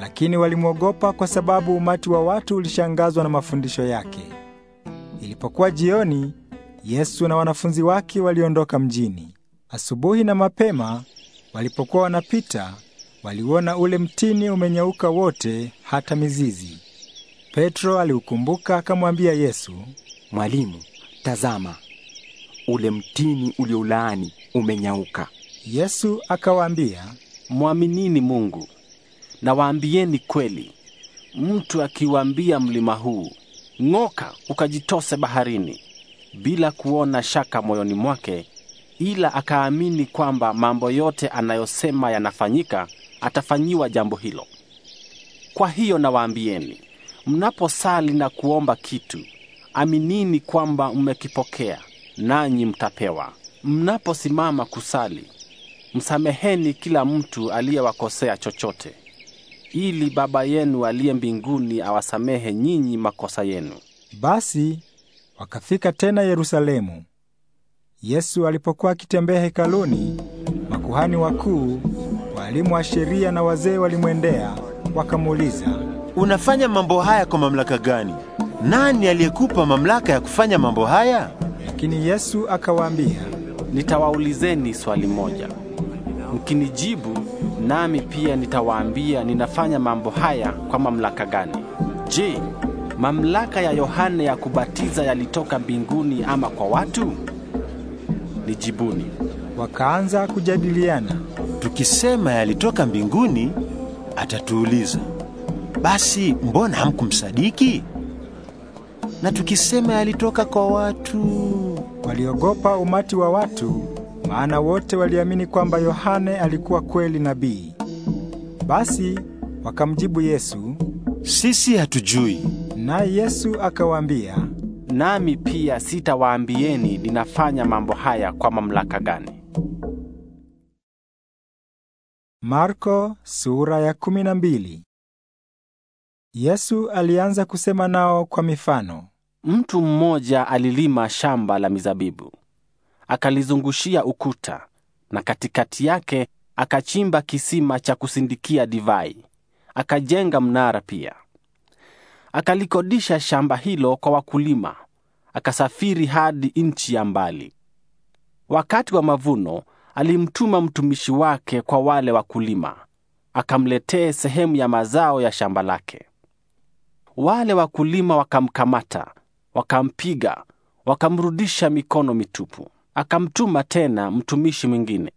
lakini walimwogopa kwa sababu umati wa watu ulishangazwa na mafundisho yake. Ilipokuwa jioni, Yesu na wanafunzi wake waliondoka mjini. Asubuhi na mapema walipokuwa wanapita, waliuona ule mtini umenyauka wote hata mizizi. Petro aliukumbuka akamwambia Yesu, Mwalimu, tazama ule mtini uliolaani umenyauka. Yesu akawaambia, mwaminini Mungu. Nawaambieni kweli, mtu akiwaambia mlima huu ng'oka ukajitose baharini bila kuona shaka moyoni mwake, ila akaamini kwamba mambo yote anayosema yanafanyika, atafanyiwa jambo hilo. Kwa hiyo nawaambieni, mnaposali na kuomba kitu, aminini kwamba mmekipokea, nanyi mtapewa. Mnaposimama kusali, msameheni kila mtu aliyewakosea chochote ili Baba yenu aliye mbinguni awasamehe nyinyi makosa yenu. Basi wakafika tena Yerusalemu. Yesu alipokuwa akitembea hekaluni, makuhani wakuu, walimu wa sheria na wazee walimwendea wakamuuliza, unafanya mambo haya kwa mamlaka gani? Nani aliyekupa mamlaka ya kufanya mambo haya? Lakini Yesu akawaambia, nitawaulizeni swali moja Mkinijibu nami pia nitawaambia ninafanya mambo haya kwa mamlaka gani. Je, mamlaka ya Yohane ya kubatiza yalitoka mbinguni ama kwa watu? Nijibuni. Wakaanza kujadiliana. Tukisema yalitoka mbinguni, atatuuliza, basi mbona hamkumsadiki? Na tukisema yalitoka kwa watu, waliogopa umati wa watu maana wote waliamini kwamba Yohane alikuwa kweli nabii. Basi wakamjibu Yesu, sisi hatujui. Naye Yesu akawaambia, nami pia sitawaambieni ninafanya mambo haya kwa mamlaka gani. Marko sura ya kumi na mbili. Yesu alianza kusema nao kwa mifano. Mtu mmoja alilima shamba la mizabibu akalizungushia ukuta na katikati yake akachimba kisima cha kusindikia divai. Akajenga mnara pia. Akalikodisha shamba hilo kwa wakulima, akasafiri hadi nchi ya mbali. Wakati wa mavuno alimtuma mtumishi wake kwa wale wakulima, akamletee sehemu ya mazao ya shamba lake. Wale wakulima wakamkamata, wakampiga, wakamrudisha mikono mitupu akamtuma tena mtumishi mwingine.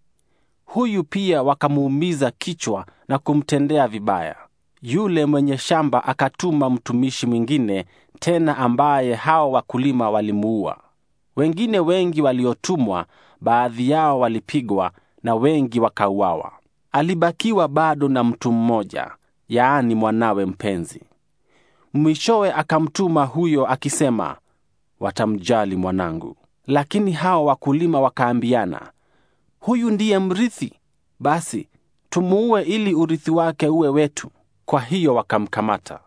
Huyu pia wakamuumiza kichwa na kumtendea vibaya. Yule mwenye shamba akatuma mtumishi mwingine tena, ambaye hao wakulima walimuua. Wengine wengi waliotumwa, baadhi yao walipigwa na wengi wakauawa. Alibakiwa bado na mtu mmoja, yaani mwanawe mpenzi. Mwishowe akamtuma huyo akisema, watamjali mwanangu. Lakini hao wakulima wakaambiana, huyu ndiye mrithi, basi tumuue ili urithi wake uwe wetu. Kwa hiyo wakamkamata,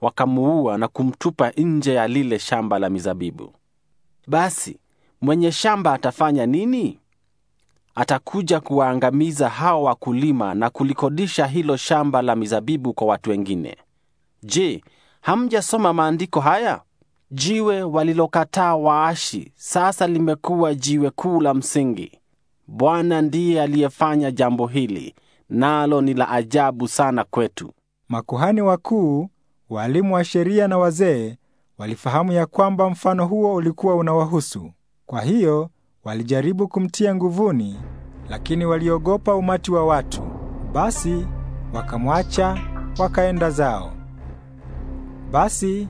wakamuua na kumtupa nje ya lile shamba la mizabibu. Basi mwenye shamba atafanya nini? Atakuja kuwaangamiza hao wakulima na kulikodisha hilo shamba la mizabibu kwa watu wengine. Je, hamjasoma maandiko haya? Jiwe walilokataa waashi sasa limekuwa jiwe kuu la msingi. Bwana ndiye aliyefanya jambo hili, nalo ni la ajabu sana kwetu. Makuhani wakuu, walimu wa sheria na wazee walifahamu ya kwamba mfano huo ulikuwa unawahusu. Kwa hiyo walijaribu kumtia nguvuni, lakini waliogopa umati wa watu. Basi wakamwacha wakaenda zao. Basi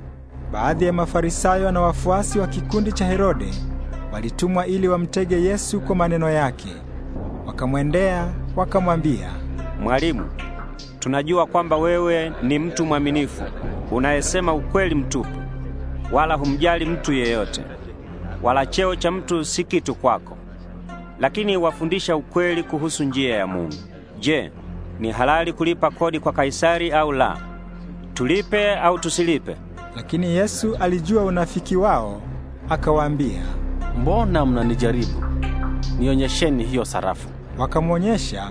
Baadhi ya Mafarisayo na wafuasi wa kikundi cha Herode walitumwa ili wamtege Yesu kwa maneno yake. Wakamwendea wakamwambia, Mwalimu, tunajua kwamba wewe ni mtu mwaminifu unayesema ukweli mtupu, wala humjali mtu yeyote, wala cheo cha mtu si kitu kwako, lakini wafundisha ukweli kuhusu njia ya Mungu. Je, ni halali kulipa kodi kwa Kaisari au la? Tulipe au tusilipe? Lakini Yesu alijua unafiki wao, akawaambia, mbona mnanijaribu? Nionyesheni hiyo sarafu. Wakamwonyesha,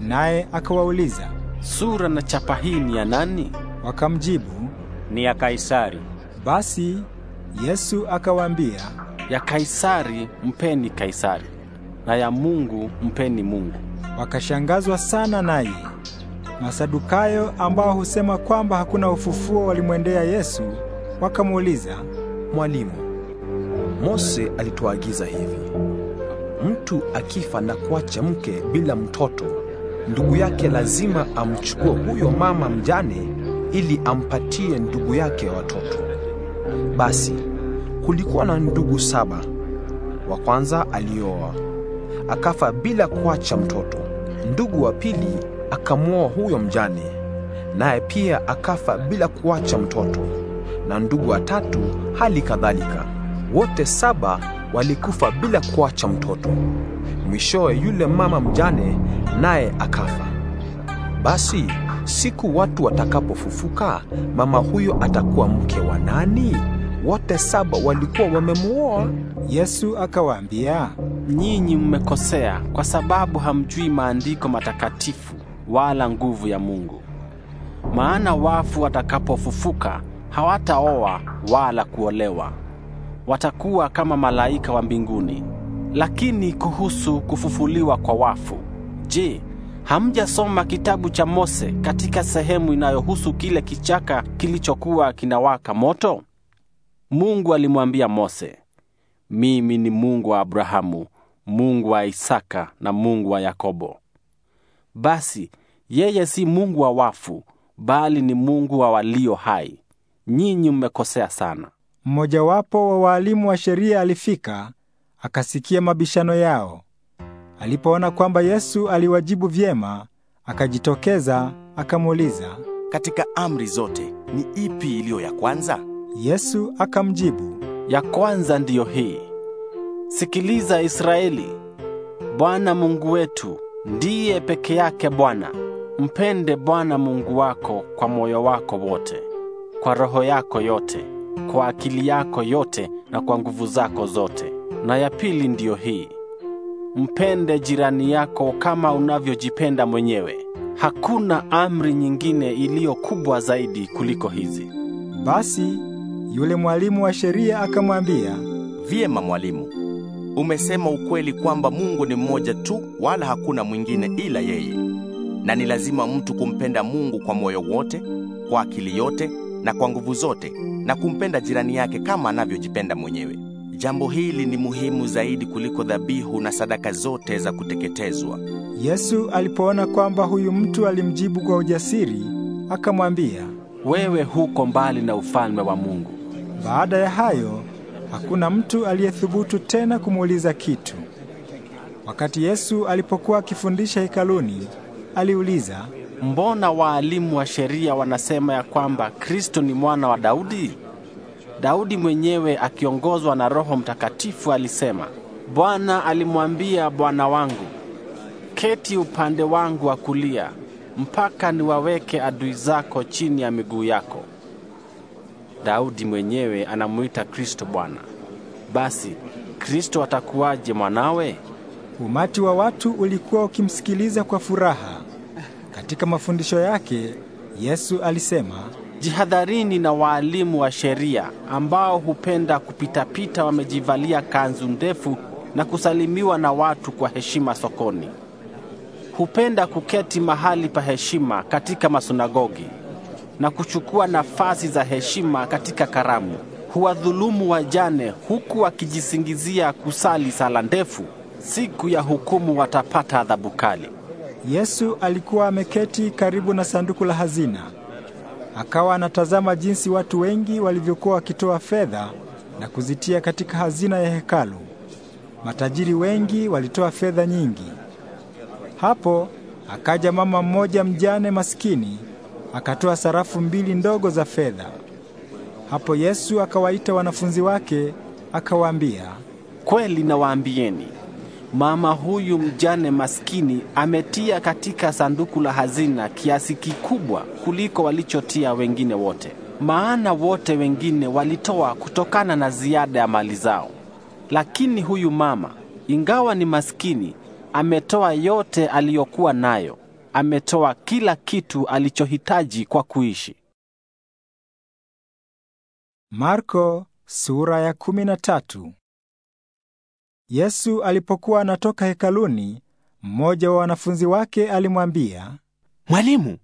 naye akawauliza, sura na chapa hii ni ya nani? Wakamjibu, ni ya Kaisari. Basi Yesu akawaambia, ya Kaisari mpeni Kaisari, na ya Mungu mpeni Mungu. Wakashangazwa sana naye. Masadukayo ambao husema kwamba hakuna ufufuo walimwendea Yesu wakamuuliza, Mwalimu, Mose alituagiza hivi: mtu akifa na kuacha mke bila mtoto, ndugu yake lazima amchukue huyo mama mjane ili ampatie ndugu yake watoto. Basi kulikuwa na ndugu saba. Wa kwanza alioa akafa bila kuacha mtoto. Ndugu wa pili akamwoa huyo mjane, naye pia akafa bila kuacha mtoto, na ndugu watatu hali kadhalika. Wote saba walikufa bila kuacha mtoto. Mwishowe yule mama mjane naye akafa. Basi siku watu watakapofufuka, mama huyo atakuwa mke wa nani? Wote saba walikuwa wamemwoa. Yesu akawaambia, nyinyi mmekosea kwa sababu hamjui maandiko matakatifu wala nguvu ya Mungu. Maana wafu watakapofufuka hawataoa wala kuolewa, watakuwa kama malaika wa mbinguni. Lakini kuhusu kufufuliwa kwa wafu, je, hamjasoma kitabu cha Mose katika sehemu inayohusu kile kichaka kilichokuwa kinawaka moto? Mungu alimwambia Mose, mimi ni Mungu wa Abrahamu, Mungu wa Isaka na Mungu wa Yakobo. Basi yeye si Mungu wa wafu, bali ni Mungu wa walio hai. Nyinyi mmekosea sana. Mmojawapo wa waalimu wa sheria alifika akasikia mabishano yao. Alipoona kwamba Yesu aliwajibu vyema, akajitokeza akamuuliza, katika amri zote ni ipi iliyo ya kwanza? Yesu akamjibu, ya kwanza ndiyo hii, sikiliza Israeli, Bwana Mungu wetu ndiye peke yake Bwana. Mpende Bwana Mungu wako kwa moyo wako wote, kwa roho yako yote, kwa akili yako yote na kwa nguvu zako zote. Na ya pili ndiyo hii, mpende jirani yako kama unavyojipenda mwenyewe. Hakuna amri nyingine iliyo kubwa zaidi kuliko hizi. Basi yule mwalimu wa sheria akamwambia, vyema mwalimu umesema ukweli kwamba Mungu ni mmoja tu, wala hakuna mwingine ila yeye, na ni lazima mtu kumpenda Mungu kwa moyo wote, kwa akili yote na kwa nguvu zote, na kumpenda jirani yake kama anavyojipenda mwenyewe. Jambo hili ni muhimu zaidi kuliko dhabihu na sadaka zote za kuteketezwa. Yesu alipoona kwamba huyu mtu alimjibu kwa ujasiri, akamwambia, wewe huko mbali na ufalme wa Mungu. Baada ya hayo Hakuna mtu aliyethubutu tena kumuuliza kitu. Wakati Yesu alipokuwa akifundisha hekaluni, aliuliza, Mbona waalimu wa sheria wanasema ya kwamba Kristo ni mwana wa Daudi? Daudi mwenyewe akiongozwa na Roho Mtakatifu alisema, Bwana alimwambia Bwana wangu, keti upande wangu wa kulia mpaka niwaweke adui zako chini ya miguu yako. Daudi mwenyewe anamuita Kristo Bwana. Basi Kristo atakuwaje mwanawe? Umati wa watu ulikuwa ukimsikiliza kwa furaha. Katika mafundisho yake Yesu alisema, jihadharini na waalimu wa sheria ambao hupenda kupitapita, wamejivalia kanzu ndefu na kusalimiwa na watu kwa heshima sokoni. Hupenda kuketi mahali pa heshima katika masunagogi na kuchukua nafasi za heshima katika karamu. Huwadhulumu wajane huku wakijisingizia kusali sala ndefu. Siku ya hukumu watapata adhabu kali. Yesu alikuwa ameketi karibu na sanduku la hazina, akawa anatazama jinsi watu wengi walivyokuwa wakitoa fedha na kuzitia katika hazina ya hekalu. Matajiri wengi walitoa fedha nyingi. Hapo akaja mama mmoja mjane masikini akatoa sarafu mbili ndogo za fedha. Hapo Yesu akawaita wanafunzi wake akawaambia, kweli nawaambieni, mama huyu mjane maskini ametia katika sanduku la hazina kiasi kikubwa kuliko walichotia wengine wote, maana wote wengine walitoa kutokana na ziada ya mali zao, lakini huyu mama, ingawa ni maskini, ametoa yote aliyokuwa nayo ametoa kila kitu alichohitaji kwa kuishi. Marko sura ya 13. Yesu alipokuwa anatoka hekaluni, mmoja wa wanafunzi wake alimwambia, Mwalimu,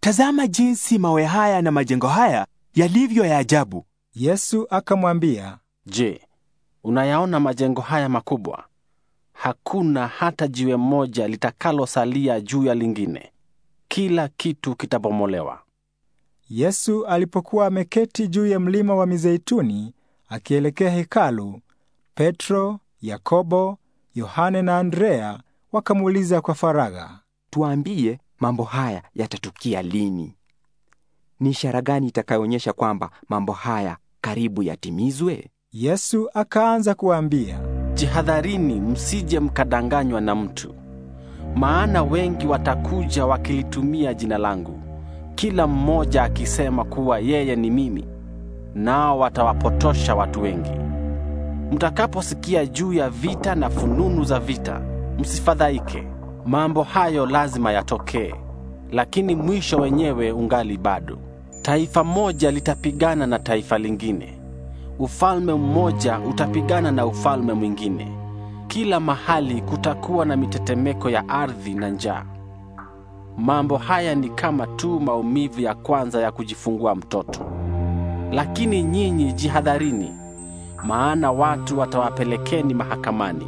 tazama jinsi mawe haya na majengo haya yalivyo ya ajabu. Yesu akamwambia, Je, unayaona majengo haya makubwa? hakuna hata jiwe moja litakalosalia juu ya lingine. Kila kitu kitabomolewa. Yesu alipokuwa ameketi juu ya mlima wa Mizeituni akielekea hekalu, Petro, Yakobo, Yohane na Andrea wakamuuliza kwa faragha, tuambie, mambo haya yatatukia lini? Ni ishara gani itakayoonyesha kwamba mambo haya karibu yatimizwe? Yesu akaanza kuwaambia jihadharini msije mkadanganywa na mtu. Maana wengi watakuja wakilitumia jina langu, kila mmoja akisema kuwa yeye ni mimi, nao watawapotosha watu wengi. Mtakaposikia juu ya vita na fununu za vita, msifadhaike. Mambo hayo lazima yatokee, lakini mwisho wenyewe ungali bado. Taifa moja litapigana na taifa lingine ufalme mmoja utapigana na ufalme mwingine. Kila mahali kutakuwa na mitetemeko ya ardhi na njaa. Mambo haya ni kama tu maumivu ya kwanza ya kujifungua mtoto. Lakini nyinyi jihadharini, maana watu watawapelekeni mahakamani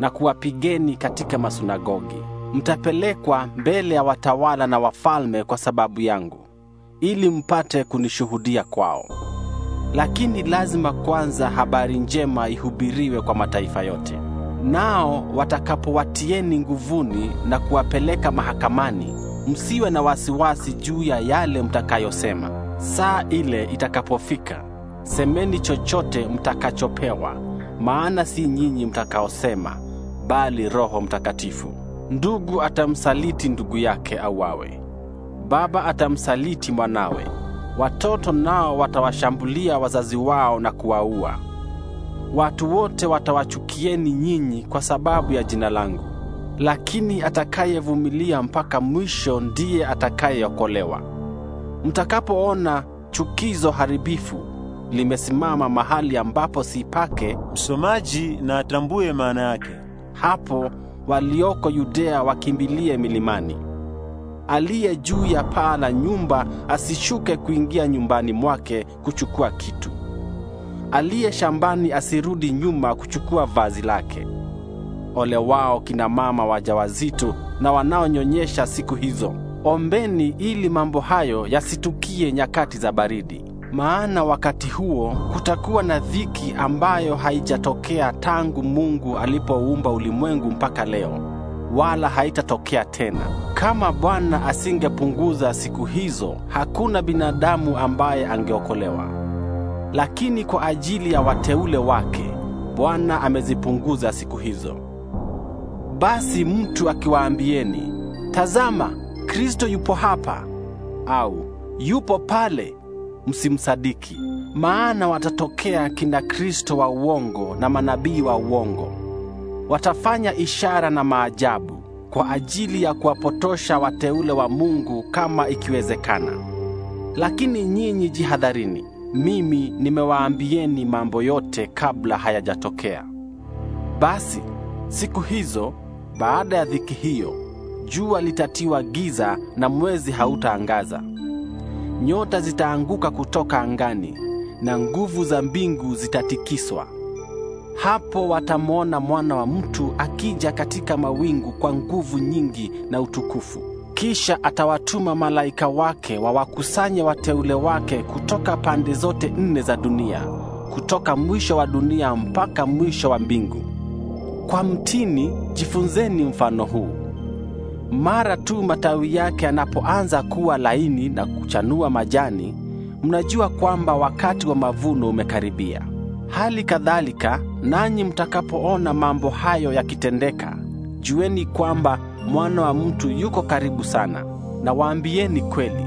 na kuwapigeni katika masunagogi. Mtapelekwa mbele ya watawala na wafalme kwa sababu yangu, ili mpate kunishuhudia kwao lakini lazima kwanza habari njema ihubiriwe kwa mataifa yote. Nao watakapowatieni nguvuni na kuwapeleka mahakamani, msiwe na wasiwasi juu ya yale mtakayosema. Saa ile itakapofika, semeni chochote mtakachopewa, maana si nyinyi mtakaosema, bali Roho Mtakatifu. Ndugu atamsaliti ndugu yake auawe, baba atamsaliti mwanawe Watoto nao watawashambulia wazazi wao na kuwaua. Watu wote watawachukieni nyinyi kwa sababu ya jina langu, lakini atakayevumilia mpaka mwisho ndiye atakayeokolewa. Mtakapoona chukizo haribifu limesimama mahali ambapo si pake, msomaji na atambue maana yake, hapo walioko Yudea wakimbilie milimani aliye juu ya paa la nyumba asishuke kuingia nyumbani mwake kuchukua kitu. Aliye shambani asirudi nyuma kuchukua vazi lake. Ole wao kina mama wajawazito na wanaonyonyesha siku hizo. Ombeni ili mambo hayo yasitukie nyakati za baridi, maana wakati huo kutakuwa na dhiki ambayo haijatokea tangu Mungu alipoumba ulimwengu mpaka leo wala haitatokea tena. Kama Bwana asingepunguza siku hizo, hakuna binadamu ambaye angeokolewa. Lakini kwa ajili ya wateule wake, Bwana amezipunguza siku hizo. Basi mtu akiwaambieni, tazama, Kristo yupo hapa au yupo pale, msimsadiki. Maana watatokea kina Kristo wa uongo na manabii wa uongo watafanya ishara na maajabu kwa ajili ya kuwapotosha wateule wa Mungu kama ikiwezekana. Lakini nyinyi jihadharini, mimi nimewaambieni mambo yote kabla hayajatokea. Basi siku hizo, baada ya dhiki hiyo, jua litatiwa giza na mwezi hautaangaza. Nyota zitaanguka kutoka angani na nguvu za mbingu zitatikiswa. Hapo watamwona mwana wa mtu akija katika mawingu kwa nguvu nyingi na utukufu. Kisha atawatuma malaika wake wawakusanye wateule wake kutoka pande zote nne za dunia, kutoka mwisho wa dunia mpaka mwisho wa mbingu. Kwa mtini jifunzeni mfano huu. Mara tu matawi yake yanapoanza kuwa laini na kuchanua majani, mnajua kwamba wakati wa mavuno umekaribia. Hali kadhalika, nanyi mtakapoona mambo hayo yakitendeka, jueni kwamba mwana wa mtu yuko karibu sana. Na waambieni kweli,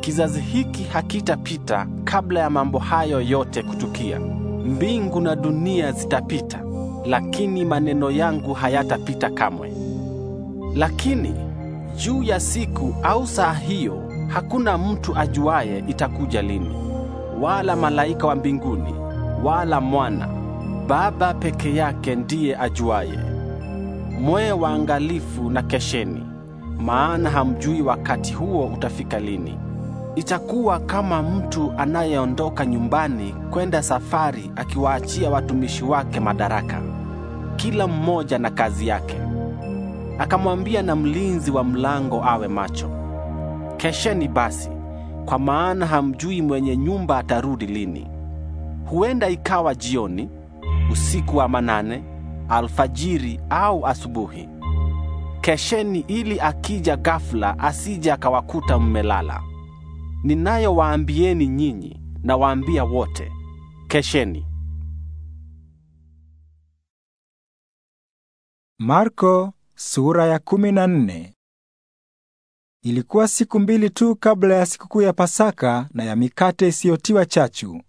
kizazi hiki hakitapita kabla ya mambo hayo yote kutukia. Mbingu na dunia zitapita, lakini maneno yangu hayatapita kamwe. Lakini juu ya siku au saa hiyo hakuna mtu ajuaye itakuja lini, wala malaika wa mbinguni wala mwana, Baba peke yake ndiye ajuaye. Mwe waangalifu na kesheni, maana hamjui wakati huo utafika lini. Itakuwa kama mtu anayeondoka nyumbani kwenda safari, akiwaachia watumishi wake madaraka, kila mmoja na kazi yake, akamwambia na mlinzi wa mlango awe macho. Kesheni basi, kwa maana hamjui mwenye nyumba atarudi lini. Huenda ikawa jioni, usiku wa manane, alfajiri au asubuhi. Kesheni ili akija ghafla asije akawakuta mmelala. Ninayowaambieni nyinyi nawaambia wote, kesheni. Marko sura ya kumi na nne. Ilikuwa siku mbili tu kabla ya sikukuu ya Pasaka na ya mikate isiyotiwa chachu.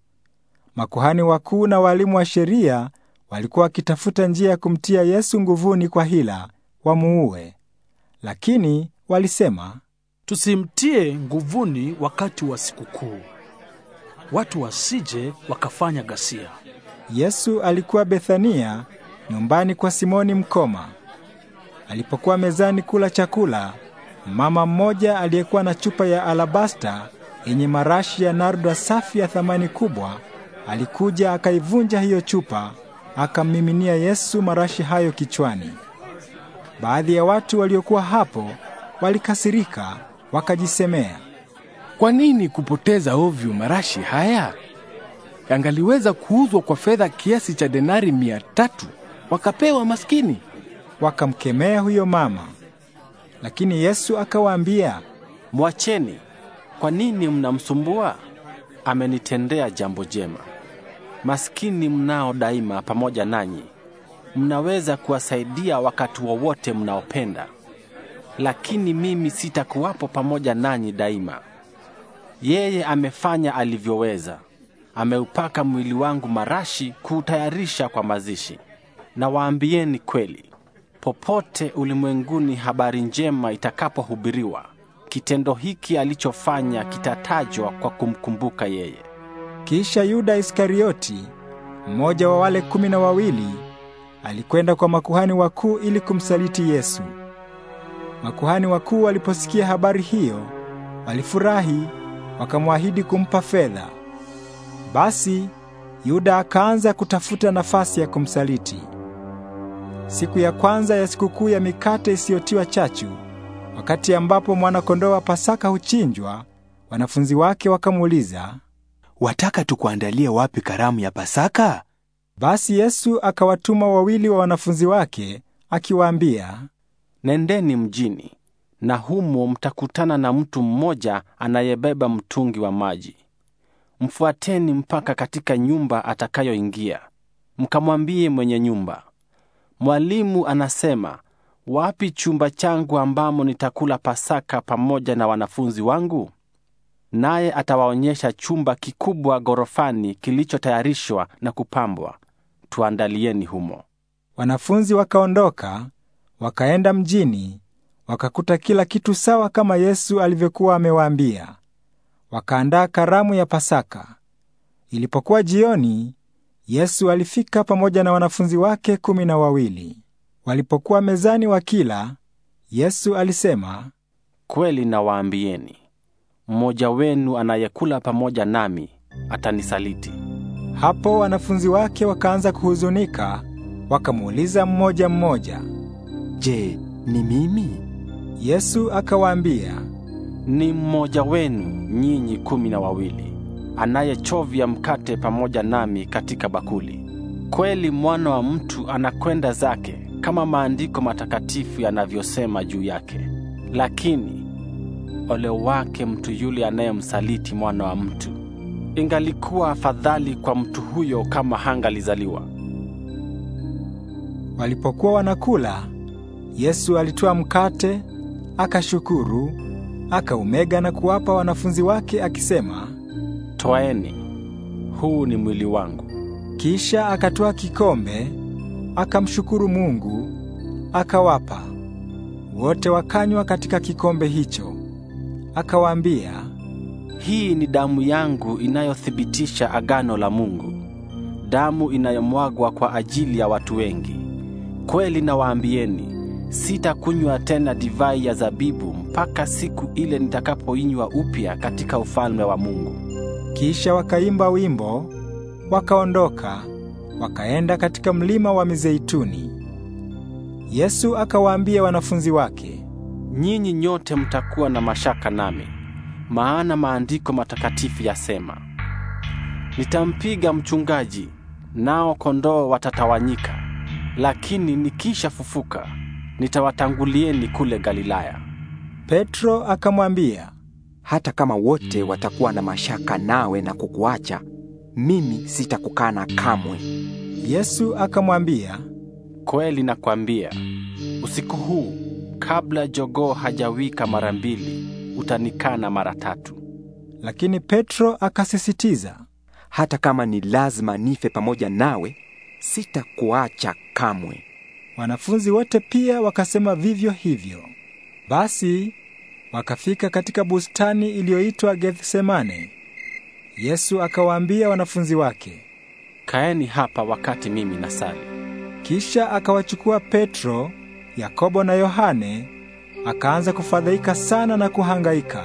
Makuhani wakuu na walimu wa sheria walikuwa wakitafuta njia ya kumtia Yesu nguvuni kwa hila wamuue, lakini walisema, tusimtie nguvuni wakati wa sikukuu, watu wasije wakafanya ghasia. Yesu alikuwa Bethania, nyumbani kwa Simoni mkoma. Alipokuwa mezani kula chakula, mama mmoja aliyekuwa na chupa ya alabasta yenye marashi ya nardo safi ya thamani kubwa alikuja akaivunja hiyo chupa, akammiminia Yesu marashi hayo kichwani. Baadhi ya watu waliokuwa hapo walikasirika, wakajisemea, kwa nini kupoteza ovyo marashi haya? Yangaliweza kuuzwa kwa fedha kiasi cha denari mia tatu wakapewa maskini. Wakamkemea huyo mama, lakini Yesu akawaambia, mwacheni. Kwa nini mnamsumbua? Amenitendea jambo jema maskini mnao daima pamoja nanyi, mnaweza kuwasaidia wakati wowote mnaopenda, lakini mimi sitakuwapo pamoja nanyi daima. Yeye amefanya alivyoweza, ameupaka mwili wangu marashi kuutayarisha kwa mazishi. Na waambieni kweli, popote ulimwenguni habari njema itakapohubiriwa, kitendo hiki alichofanya kitatajwa kwa kumkumbuka yeye. Kisha Yuda Iskarioti, mmoja wa wale kumi na wawili, alikwenda kwa makuhani wakuu ili kumsaliti Yesu. Makuhani wakuu waliposikia habari hiyo, walifurahi, wakamwahidi kumpa fedha. Basi Yuda akaanza kutafuta nafasi ya kumsaliti. Siku ya kwanza ya sikukuu ya mikate isiyotiwa chachu, wakati ambapo mwana-kondoo wa Pasaka huchinjwa, wanafunzi wake wakamuuliza, wataka tukuandalie wapi karamu ya Pasaka? Basi Yesu akawatuma wawili wa wanafunzi wake akiwaambia, nendeni mjini na humo mtakutana na mtu mmoja anayebeba mtungi wa maji. Mfuateni mpaka katika nyumba atakayoingia, mkamwambie mwenye nyumba, mwalimu anasema, wapi chumba changu ambamo nitakula Pasaka pamoja na wanafunzi wangu? naye atawaonyesha chumba kikubwa ghorofani kilichotayarishwa na kupambwa. Tuandalieni humo. Wanafunzi wakaondoka wakaenda mjini, wakakuta kila kitu sawa kama Yesu alivyokuwa amewaambia. Wakaandaa karamu ya Pasaka. Ilipokuwa jioni, Yesu alifika pamoja na wanafunzi wake kumi na wawili. Walipokuwa mezani wakila, Yesu alisema, kweli nawaambieni mmoja wenu anayekula pamoja nami atanisaliti. Hapo wanafunzi wake wakaanza kuhuzunika, wakamuuliza mmoja mmoja, Je, ni mimi? Yesu akawaambia, ni mmoja wenu nyinyi kumi na wawili anayechovya mkate pamoja nami katika bakuli. Kweli mwana wa mtu anakwenda zake kama maandiko matakatifu yanavyosema juu yake. Lakini ole wake mtu yule anayemsaliti mwana wa mtu! Ingalikuwa afadhali kwa mtu huyo kama hangalizaliwa. Walipokuwa wanakula, Yesu alitoa mkate, akashukuru, akaumega na kuwapa wanafunzi wake akisema, Twaeni, huu ni mwili wangu. Kisha akatoa kikombe, akamshukuru Mungu, akawapa. Wote wakanywa katika kikombe hicho. Akawaambia, hii ni damu yangu inayothibitisha agano la Mungu, damu inayomwagwa kwa ajili ya watu wengi. Kweli nawaambieni, sitakunywa tena divai ya zabibu mpaka siku ile nitakapoinywa upya katika ufalme wa Mungu. Kisha wakaimba wimbo, wakaondoka, wakaenda katika mlima wa Mizeituni. Yesu akawaambia wanafunzi wake, nyinyi nyote mtakuwa na mashaka nami, maana maandiko matakatifu yasema, nitampiga mchungaji, nao kondoo watatawanyika, lakini nikishafufuka nitawatangulieni kule Galilaya. Petro akamwambia, hata kama wote watakuwa na mashaka nawe na kukuacha, mimi sitakukana kamwe. Yesu akamwambia, kweli nakwambia, usiku huu kabla jogoo hajawika mara mbili, utanikana mara tatu. Lakini Petro akasisitiza, hata kama ni lazima nife pamoja nawe, sitakuacha kamwe. Wanafunzi wote pia wakasema vivyo hivyo. Basi wakafika katika bustani iliyoitwa Gethsemane. Yesu akawaambia wanafunzi wake, kaeni hapa wakati mimi nasali. Kisha akawachukua Petro, Yakobo na Yohane, akaanza kufadhaika sana na kuhangaika.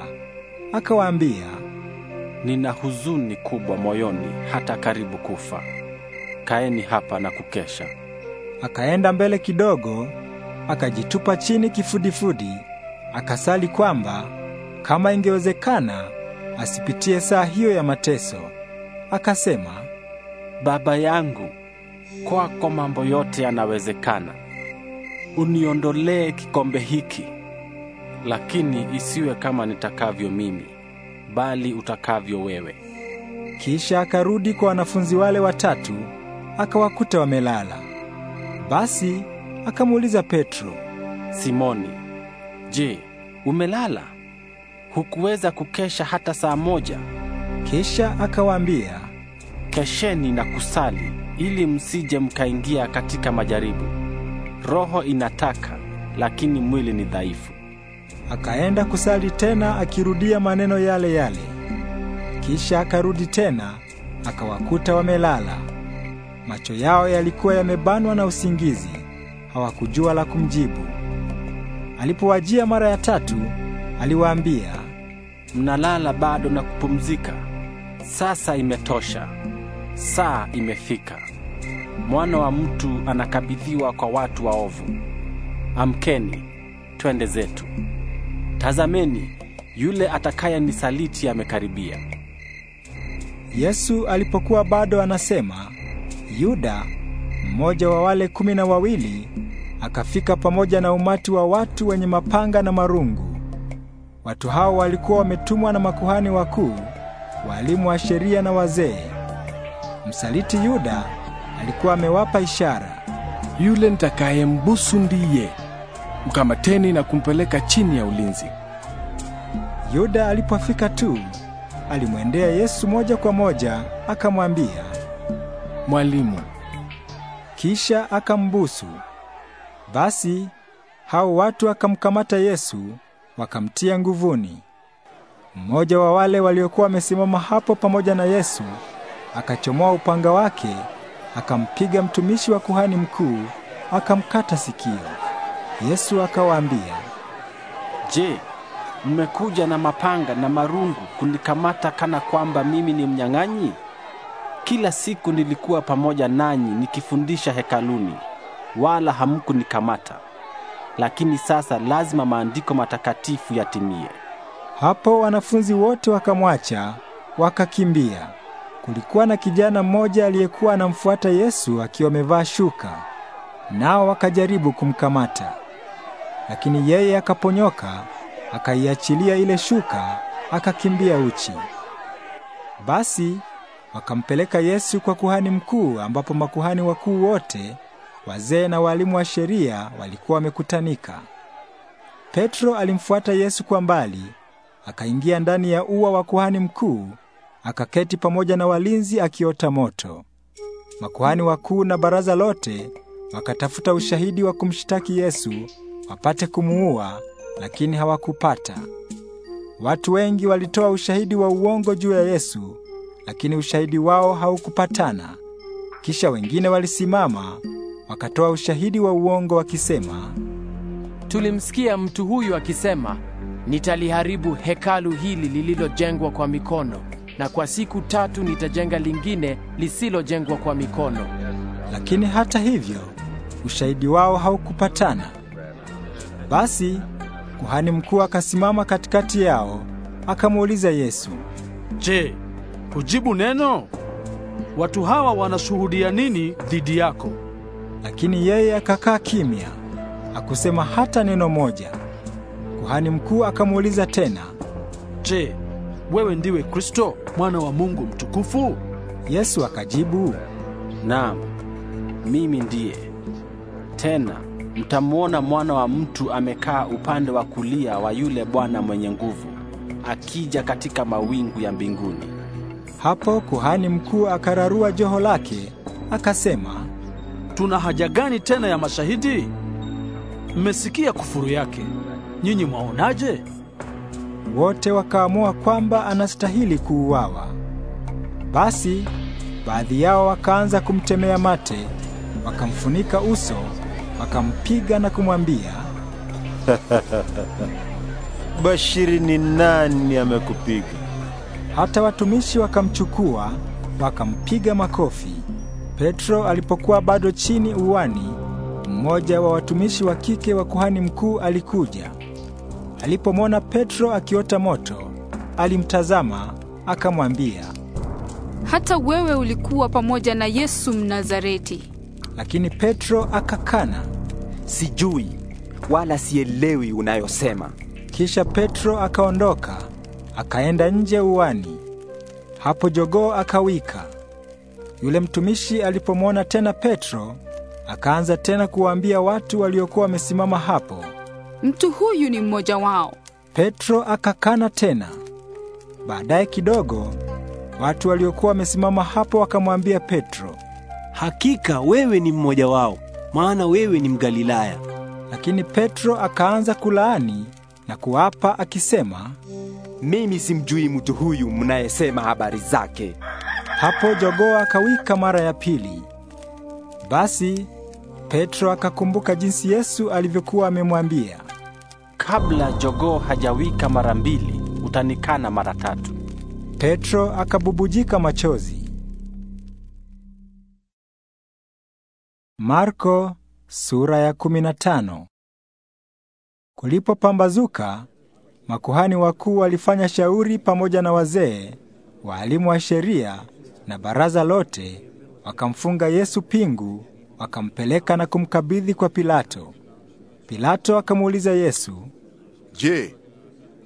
Akawaambia, nina huzuni kubwa moyoni hata karibu kufa. Kaeni hapa na kukesha. Akaenda mbele kidogo, akajitupa chini kifudifudi, akasali kwamba kama ingewezekana asipitie saa hiyo ya mateso. Akasema, Baba yangu, kwako mambo yote yanawezekana uniondolee kikombe hiki, lakini isiwe kama nitakavyo mimi, bali utakavyo wewe. Kisha akarudi kwa wanafunzi wale watatu, akawakuta wamelala. Basi akamuuliza Petro, Simoni, je, umelala? Hukuweza kukesha hata saa moja? Kisha akawaambia, kesheni na kusali ili msije mkaingia katika majaribu roho inataka lakini mwili ni dhaifu. Akaenda kusali tena akirudia maneno yale yale. Kisha akarudi tena akawakuta wamelala, macho yao yalikuwa yamebanwa na usingizi, hawakujua la kumjibu. Alipowajia mara ya tatu, aliwaambia, mnalala bado na kupumzika? Sasa imetosha, saa imefika mwana wa mtu anakabidhiwa kwa watu waovu. Amkeni, twende zetu. Tazameni, yule atakayenisaliti amekaribia. Yesu alipokuwa bado anasema, Yuda, mmoja wa wale kumi na wawili, akafika pamoja na umati wa watu wenye mapanga na marungu. Watu hao walikuwa wametumwa na makuhani wakuu, walimu wa sheria na wazee. Msaliti Yuda alikuwa amewapa ishara, yule nitakayembusu ndiye, mkamateni na kumpeleka chini ya ulinzi. Yuda alipofika tu, alimwendea Yesu moja kwa moja, akamwambia, Mwalimu. Kisha akambusu. Basi hao watu wakamkamata Yesu, wakamtia nguvuni. Mmoja wa wale waliokuwa wamesimama hapo pamoja na Yesu akachomoa upanga wake akampiga mtumishi wa kuhani mkuu akamkata sikio. Yesu akawaambia, Je, mmekuja na mapanga na marungu kunikamata kana kwamba mimi ni mnyang'anyi? Kila siku nilikuwa pamoja nanyi nikifundisha hekaluni, wala hamkunikamata. Lakini sasa lazima maandiko matakatifu yatimie. Hapo wanafunzi wote wakamwacha, wakakimbia kulikuwa na kijana mmoja aliyekuwa anamfuata Yesu akiwa amevaa shuka, nao wakajaribu kumkamata, lakini yeye akaponyoka, akaiachilia ile shuka, akakimbia uchi. Basi wakampeleka Yesu kwa kuhani mkuu, ambapo makuhani wakuu wote, wazee na walimu wa sheria walikuwa wamekutanika. Petro alimfuata Yesu kwa mbali, akaingia ndani ya ua wa kuhani mkuu akaketi pamoja na walinzi akiota moto. Makuhani wakuu na baraza lote wakatafuta ushahidi wa kumshtaki Yesu wapate kumuua, lakini hawakupata. Watu wengi walitoa ushahidi wa uongo juu ya Yesu, lakini ushahidi wao haukupatana. Kisha wengine walisimama wakatoa ushahidi wa uongo wakisema, tulimsikia mtu huyu akisema, nitaliharibu hekalu hili lililojengwa kwa mikono na kwa siku tatu nitajenga lingine lisilojengwa kwa mikono. Lakini hata hivyo ushahidi wao haukupatana. Basi kuhani mkuu akasimama katikati yao akamuuliza Yesu, Je, kujibu neno? Watu hawa wanashuhudia nini dhidi yako? Lakini yeye akakaa kimya, hakusema hata neno moja. Kuhani mkuu akamuuliza tena, Je, wewe ndiwe Kristo mwana wa Mungu mtukufu? Yesu akajibu, naam, mimi ndiye. Tena mtamwona mwana wa mtu amekaa upande wa kulia wa yule Bwana mwenye nguvu, akija katika mawingu ya mbinguni. Hapo kuhani mkuu akararua joho lake, akasema, tuna haja gani tena ya mashahidi? Mmesikia kufuru yake, nyinyi mwaonaje? wote wakaamua kwamba anastahili kuuawa. Basi baadhi yao wakaanza kumtemea mate, wakamfunika uso, wakampiga na kumwambia, Bashiri, ni nani amekupiga? Hata watumishi wakamchukua wakampiga makofi. Petro alipokuwa bado chini uwani, mmoja wa watumishi wa kike wa kuhani mkuu alikuja Alipomwona Petro akiota moto, alimtazama akamwambia, hata wewe ulikuwa pamoja na Yesu Mnazareti. Lakini Petro akakana, sijui wala sielewi unayosema. Kisha Petro akaondoka akaenda nje uwani. Hapo jogoo akawika. Yule mtumishi alipomwona tena Petro, akaanza tena kuwaambia watu waliokuwa wamesimama hapo, mtu huyu ni mmoja wao. Petro akakana tena. Baadaye kidogo watu waliokuwa wamesimama hapo wakamwambia Petro, hakika wewe ni mmoja wao, maana wewe ni Mgalilaya. Lakini Petro akaanza kulaani na kuapa akisema, mimi simjui mtu huyu mnayesema habari zake. Hapo jogoo akawika mara ya pili. Basi Petro akakumbuka jinsi Yesu alivyokuwa amemwambia, kabla jogoo hajawika mara mbili, utanikana mara tatu. Petro akabubujika machozi. Marko sura ya 15. Kulipopambazuka, makuhani wakuu walifanya shauri pamoja na wazee, waalimu wa sheria na baraza lote, wakamfunga Yesu pingu, wakampeleka na kumkabidhi kwa Pilato. Pilato akamuuliza Yesu, Je,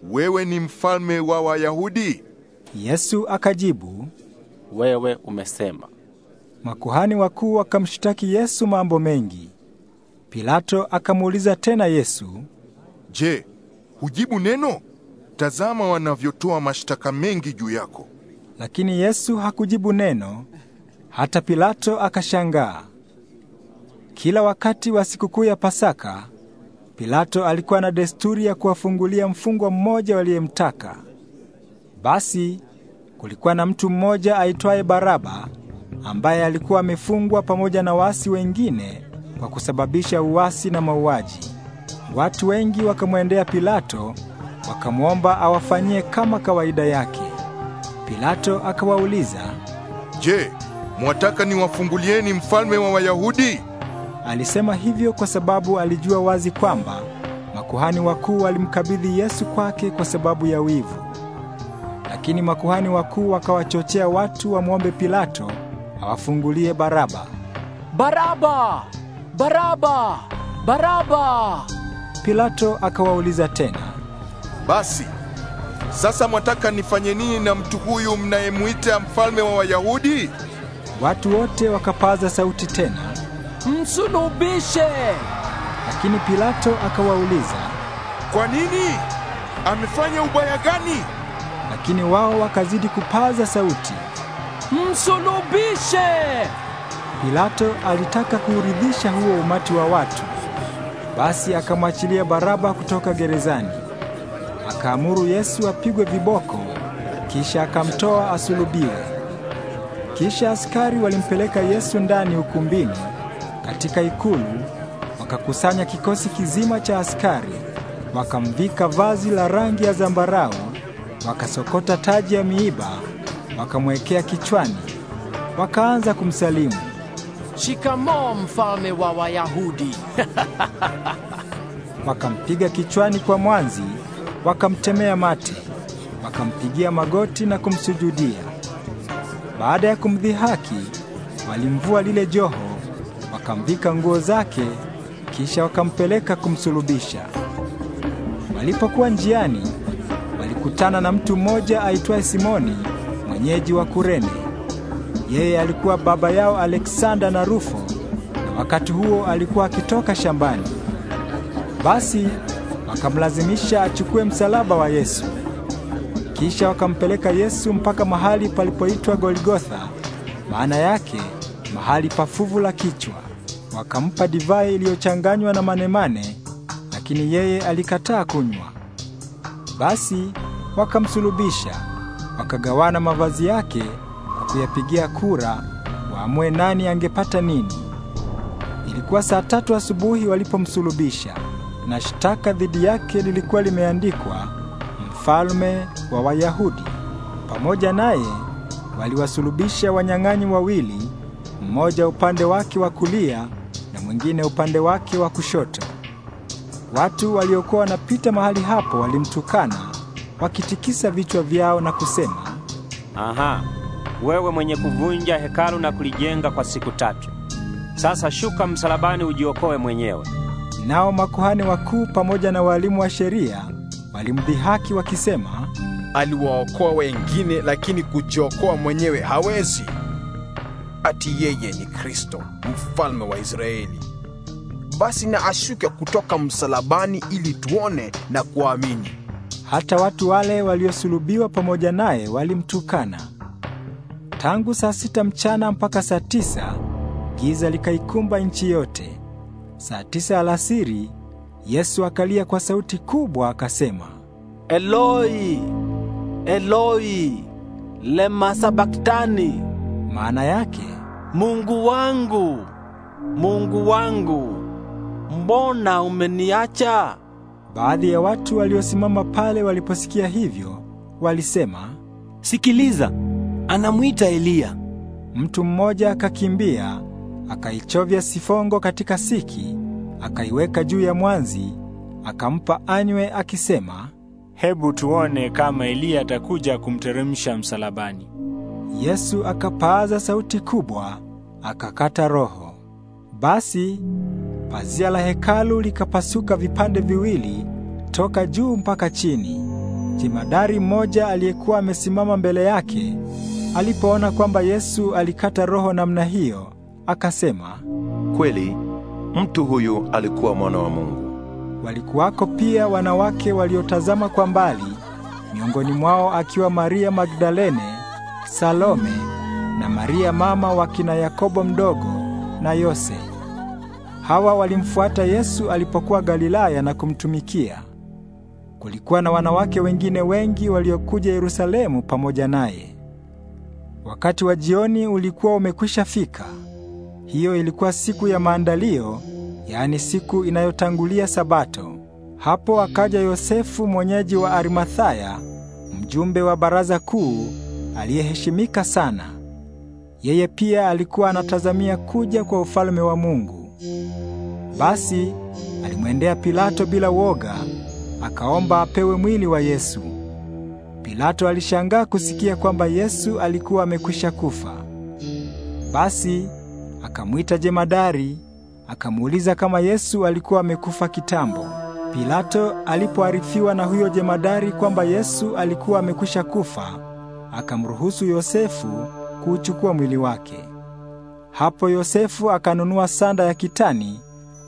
wewe ni mfalme wa Wayahudi? Yesu akajibu, wewe umesema. Makuhani wakuu wakamshtaki Yesu mambo mengi. Pilato akamuuliza tena Yesu, Je, hujibu neno? Tazama wanavyotoa mashtaka mengi juu yako. Lakini Yesu hakujibu neno. Hata Pilato akashangaa. Kila wakati wa sikukuu ya Pasaka Pilato alikuwa na desturi ya kuwafungulia mfungwa mmoja waliyemtaka. Basi kulikuwa na mtu mmoja aitwaye Baraba ambaye alikuwa amefungwa pamoja na waasi wengine kwa kusababisha uasi na mauaji. Watu wengi wakamwendea Pilato wakamwomba awafanyie kama kawaida yake. Pilato akawauliza, "Je, mwataka niwafungulieni mfalme wa Wayahudi?" Alisema hivyo kwa sababu alijua wazi kwamba makuhani wakuu walimkabidhi Yesu kwake kwa sababu ya wivu. Lakini makuhani wakuu wakawachochea watu wamwombe Pilato awafungulie Baraba. Baraba! Baraba! Baraba! Pilato akawauliza tena, basi sasa mwataka nifanye nini na mtu huyu mnayemwita mfalme wa Wayahudi? Watu wote wakapaza sauti tena msulubishe. Lakini Pilato akawauliza, kwa nini? Amefanya ubaya gani? Lakini wao wakazidi kupaza sauti, msulubishe. Pilato alitaka kuuridhisha huo umati wa watu, basi akamwachilia Baraba kutoka gerezani. Akaamuru Yesu apigwe viboko, kisha akamtoa asulubiwe. Kisha askari walimpeleka Yesu ndani ukumbini katika ikulu wakakusanya kikosi kizima cha askari, wakamvika vazi la rangi ya zambarau, wakasokota taji ya miiba, wakamwekea kichwani, wakaanza kumsalimu, Shikamoo mfalme wa Wayahudi. Wakampiga kichwani kwa mwanzi, wakamtemea mate, wakampigia magoti na kumsujudia. Baada ya kumdhihaki, walimvua lile joho wakamvika nguo zake, kisha wakampeleka kumsulubisha. Walipokuwa njiani, walikutana na mtu mmoja aitwaye Simoni, mwenyeji wa Kurene. Yeye alikuwa baba yao Aleksanda na Rufo, na wakati huo alikuwa akitoka shambani. Basi wakamlazimisha achukue msalaba wa Yesu. Kisha wakampeleka Yesu mpaka mahali palipoitwa Golgotha, maana yake mahali pa fuvu la kichwa wakampa divai iliyochanganywa na manemane, lakini yeye alikataa kunywa. Basi wakamsulubisha, wakagawana mavazi yake kwa kuyapigia kura, waamue nani angepata nini. Ilikuwa saa tatu asubuhi walipomsulubisha, na shtaka dhidi yake lilikuwa limeandikwa mfalme wa Wayahudi. Pamoja naye waliwasulubisha wanyang'anyi wawili, mmoja upande wake wa kulia mwingine upande wake wa kushoto. Watu waliokuwa wanapita mahali hapo walimtukana wakitikisa vichwa vyao na kusema, aha, wewe mwenye kuvunja hekalu na kulijenga kwa siku tatu, sasa shuka msalabani ujiokoe mwenyewe. Nao makuhani wakuu pamoja na walimu wa sheria walimdhihaki wakisema, aliwaokoa wengine, lakini kujiokoa mwenyewe hawezi ati yeye ni Kristo, mfalme wa Israeli. Basi na ashuke kutoka msalabani ili tuone na kuamini. Hata watu wale waliosulubiwa pamoja naye walimtukana. Tangu saa sita mchana mpaka saa tisa giza likaikumba nchi yote. Saa tisa alasiri Yesu akalia kwa sauti kubwa akasema, Eloi, Eloi, lema sabaktani, maana yake Mungu wangu, Mungu wangu, mbona umeniacha? Baadhi ya watu waliosimama pale waliposikia hivyo walisema, sikiliza, anamwita Eliya. Mtu mmoja akakimbia akaichovya sifongo katika siki, akaiweka juu ya mwanzi, akampa anywe, akisema, hebu tuone kama Eliya atakuja kumteremsha msalabani. Yesu akapaza sauti kubwa, akakata roho. Basi pazia la hekalu likapasuka vipande viwili toka juu mpaka chini. Jemadari mmoja aliyekuwa amesimama mbele yake alipoona kwamba Yesu alikata roho namna hiyo, akasema, kweli mtu huyu alikuwa mwana wa Mungu. Walikuwako pia wanawake waliotazama kwa mbali, miongoni mwao akiwa Maria Magdalene Salome na Maria mama wa kina Yakobo mdogo na Yose. Hawa walimfuata Yesu alipokuwa Galilaya na kumtumikia. Kulikuwa na wanawake wengine wengi waliokuja Yerusalemu pamoja naye. Wakati wa jioni ulikuwa umekwisha fika. Hiyo ilikuwa siku ya maandalio, yaani siku inayotangulia Sabato. Hapo akaja Yosefu mwenyeji wa Arimathaya, mjumbe wa baraza kuu aliyeheshimika sana. Yeye pia alikuwa anatazamia kuja kwa ufalme wa Mungu. Basi alimwendea Pilato bila woga, akaomba apewe mwili wa Yesu. Pilato alishangaa kusikia kwamba Yesu alikuwa amekwisha kufa. Basi akamwita jemadari, akamuuliza kama Yesu alikuwa amekufa kitambo. Pilato alipoarifiwa na huyo jemadari kwamba Yesu alikuwa amekwisha kufa, akamruhusu Yosefu kuuchukua mwili wake. Hapo Yosefu akanunua sanda ya kitani,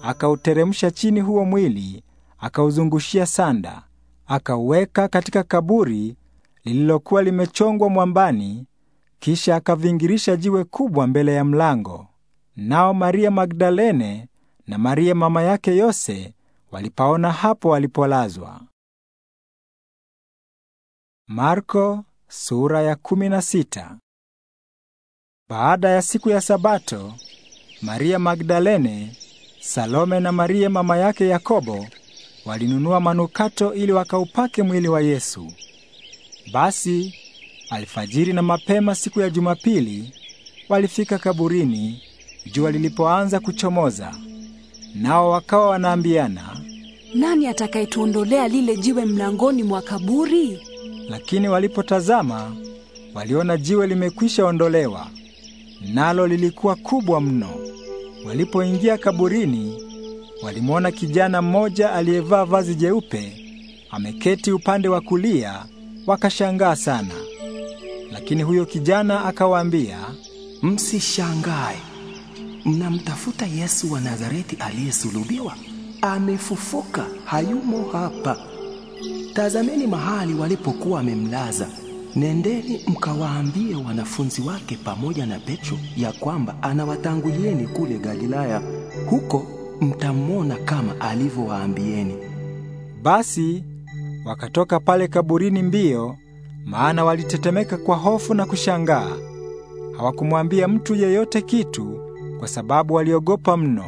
akauteremsha chini huo mwili, akauzungushia sanda, akauweka katika kaburi lililokuwa limechongwa mwambani, kisha akavingirisha jiwe kubwa mbele ya mlango. Nao Maria Magdalene na Maria mama yake Yose walipaona hapo walipolazwa. Marko sura ya kumi na sita. Baada ya siku ya Sabato, Maria Magdalene, Salome na Maria mama yake Yakobo walinunua manukato ili wakaupake mwili wa Yesu. Basi alfajiri na mapema siku ya Jumapili walifika kaburini jua lilipoanza kuchomoza. Nao wakawa wanaambiana, nani atakayetuondolea lile jiwe mlangoni mwa kaburi? Lakini walipotazama waliona jiwe limekwisha ondolewa, nalo lilikuwa kubwa mno. Walipoingia kaburini, walimwona kijana mmoja aliyevaa vazi jeupe ameketi upande wa kulia, wakashangaa sana. Lakini huyo kijana akawaambia, msishangae, mnamtafuta Yesu wa Nazareti aliyesulubiwa. Amefufuka, hayumo hapa. Tazameni mahali walipokuwa wamemlaza. Nendeni mkawaambie wanafunzi wake pamoja na Petro ya kwamba anawatangulieni kule Galilaya, huko mtamwona kama alivyowaambieni. Basi wakatoka pale kaburini mbio, maana walitetemeka kwa hofu na kushangaa. Hawakumwambia mtu yeyote kitu, kwa sababu waliogopa mno.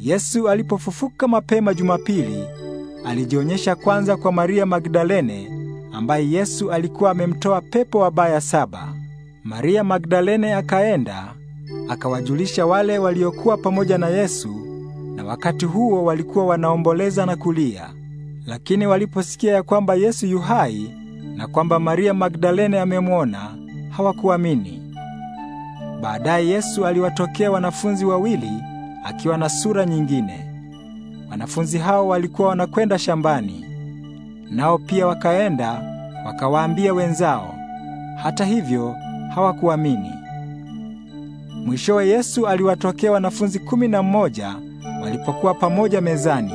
Yesu alipofufuka mapema Jumapili alijionyesha kwanza kwa Maria Magdalene ambaye Yesu alikuwa amemtoa pepo wabaya saba. Maria Magdalene akaenda akawajulisha wale waliokuwa pamoja na Yesu, na wakati huo walikuwa wanaomboleza na kulia. Lakini waliposikia ya kwamba Yesu yu hai na kwamba Maria Magdalene amemwona, hawakuamini. Baadaye Yesu aliwatokea wanafunzi wawili akiwa na sura nyingine. Wanafunzi hao walikuwa wanakwenda shambani, nao pia wakaenda wakawaambia wenzao. Hata hivyo hawakuamini. Mwishowe Yesu aliwatokea wanafunzi kumi na mmoja walipokuwa pamoja mezani,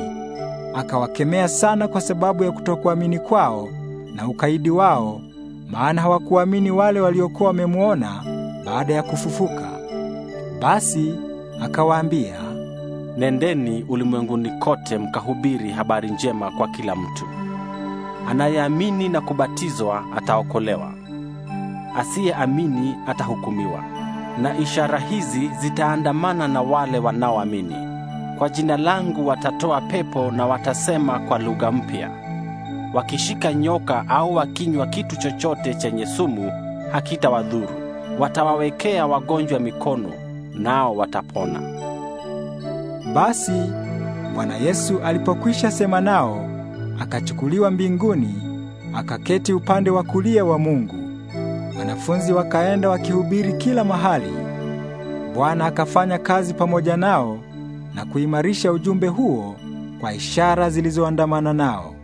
akawakemea sana kwa sababu ya kutokuamini kwao na ukaidi wao, maana hawakuamini wale waliokuwa wamemwona baada ya kufufuka. Basi akawaambia, nendeni ulimwenguni kote mkahubiri habari njema kwa kila mtu. Anayeamini na kubatizwa ataokolewa, asiyeamini atahukumiwa. Na ishara hizi zitaandamana na wale wanaoamini: kwa jina langu watatoa pepo na watasema kwa lugha mpya, wakishika nyoka au wakinywa kitu chochote chenye sumu hakitawadhuru, watawawekea wagonjwa mikono nao watapona. Basi Bwana Yesu alipokwisha sema nao, akachukuliwa mbinguni, akaketi upande wa kulia wa Mungu. Wanafunzi wakaenda wakihubiri kila mahali. Bwana akafanya kazi pamoja nao na kuimarisha ujumbe huo kwa ishara zilizoandamana nao.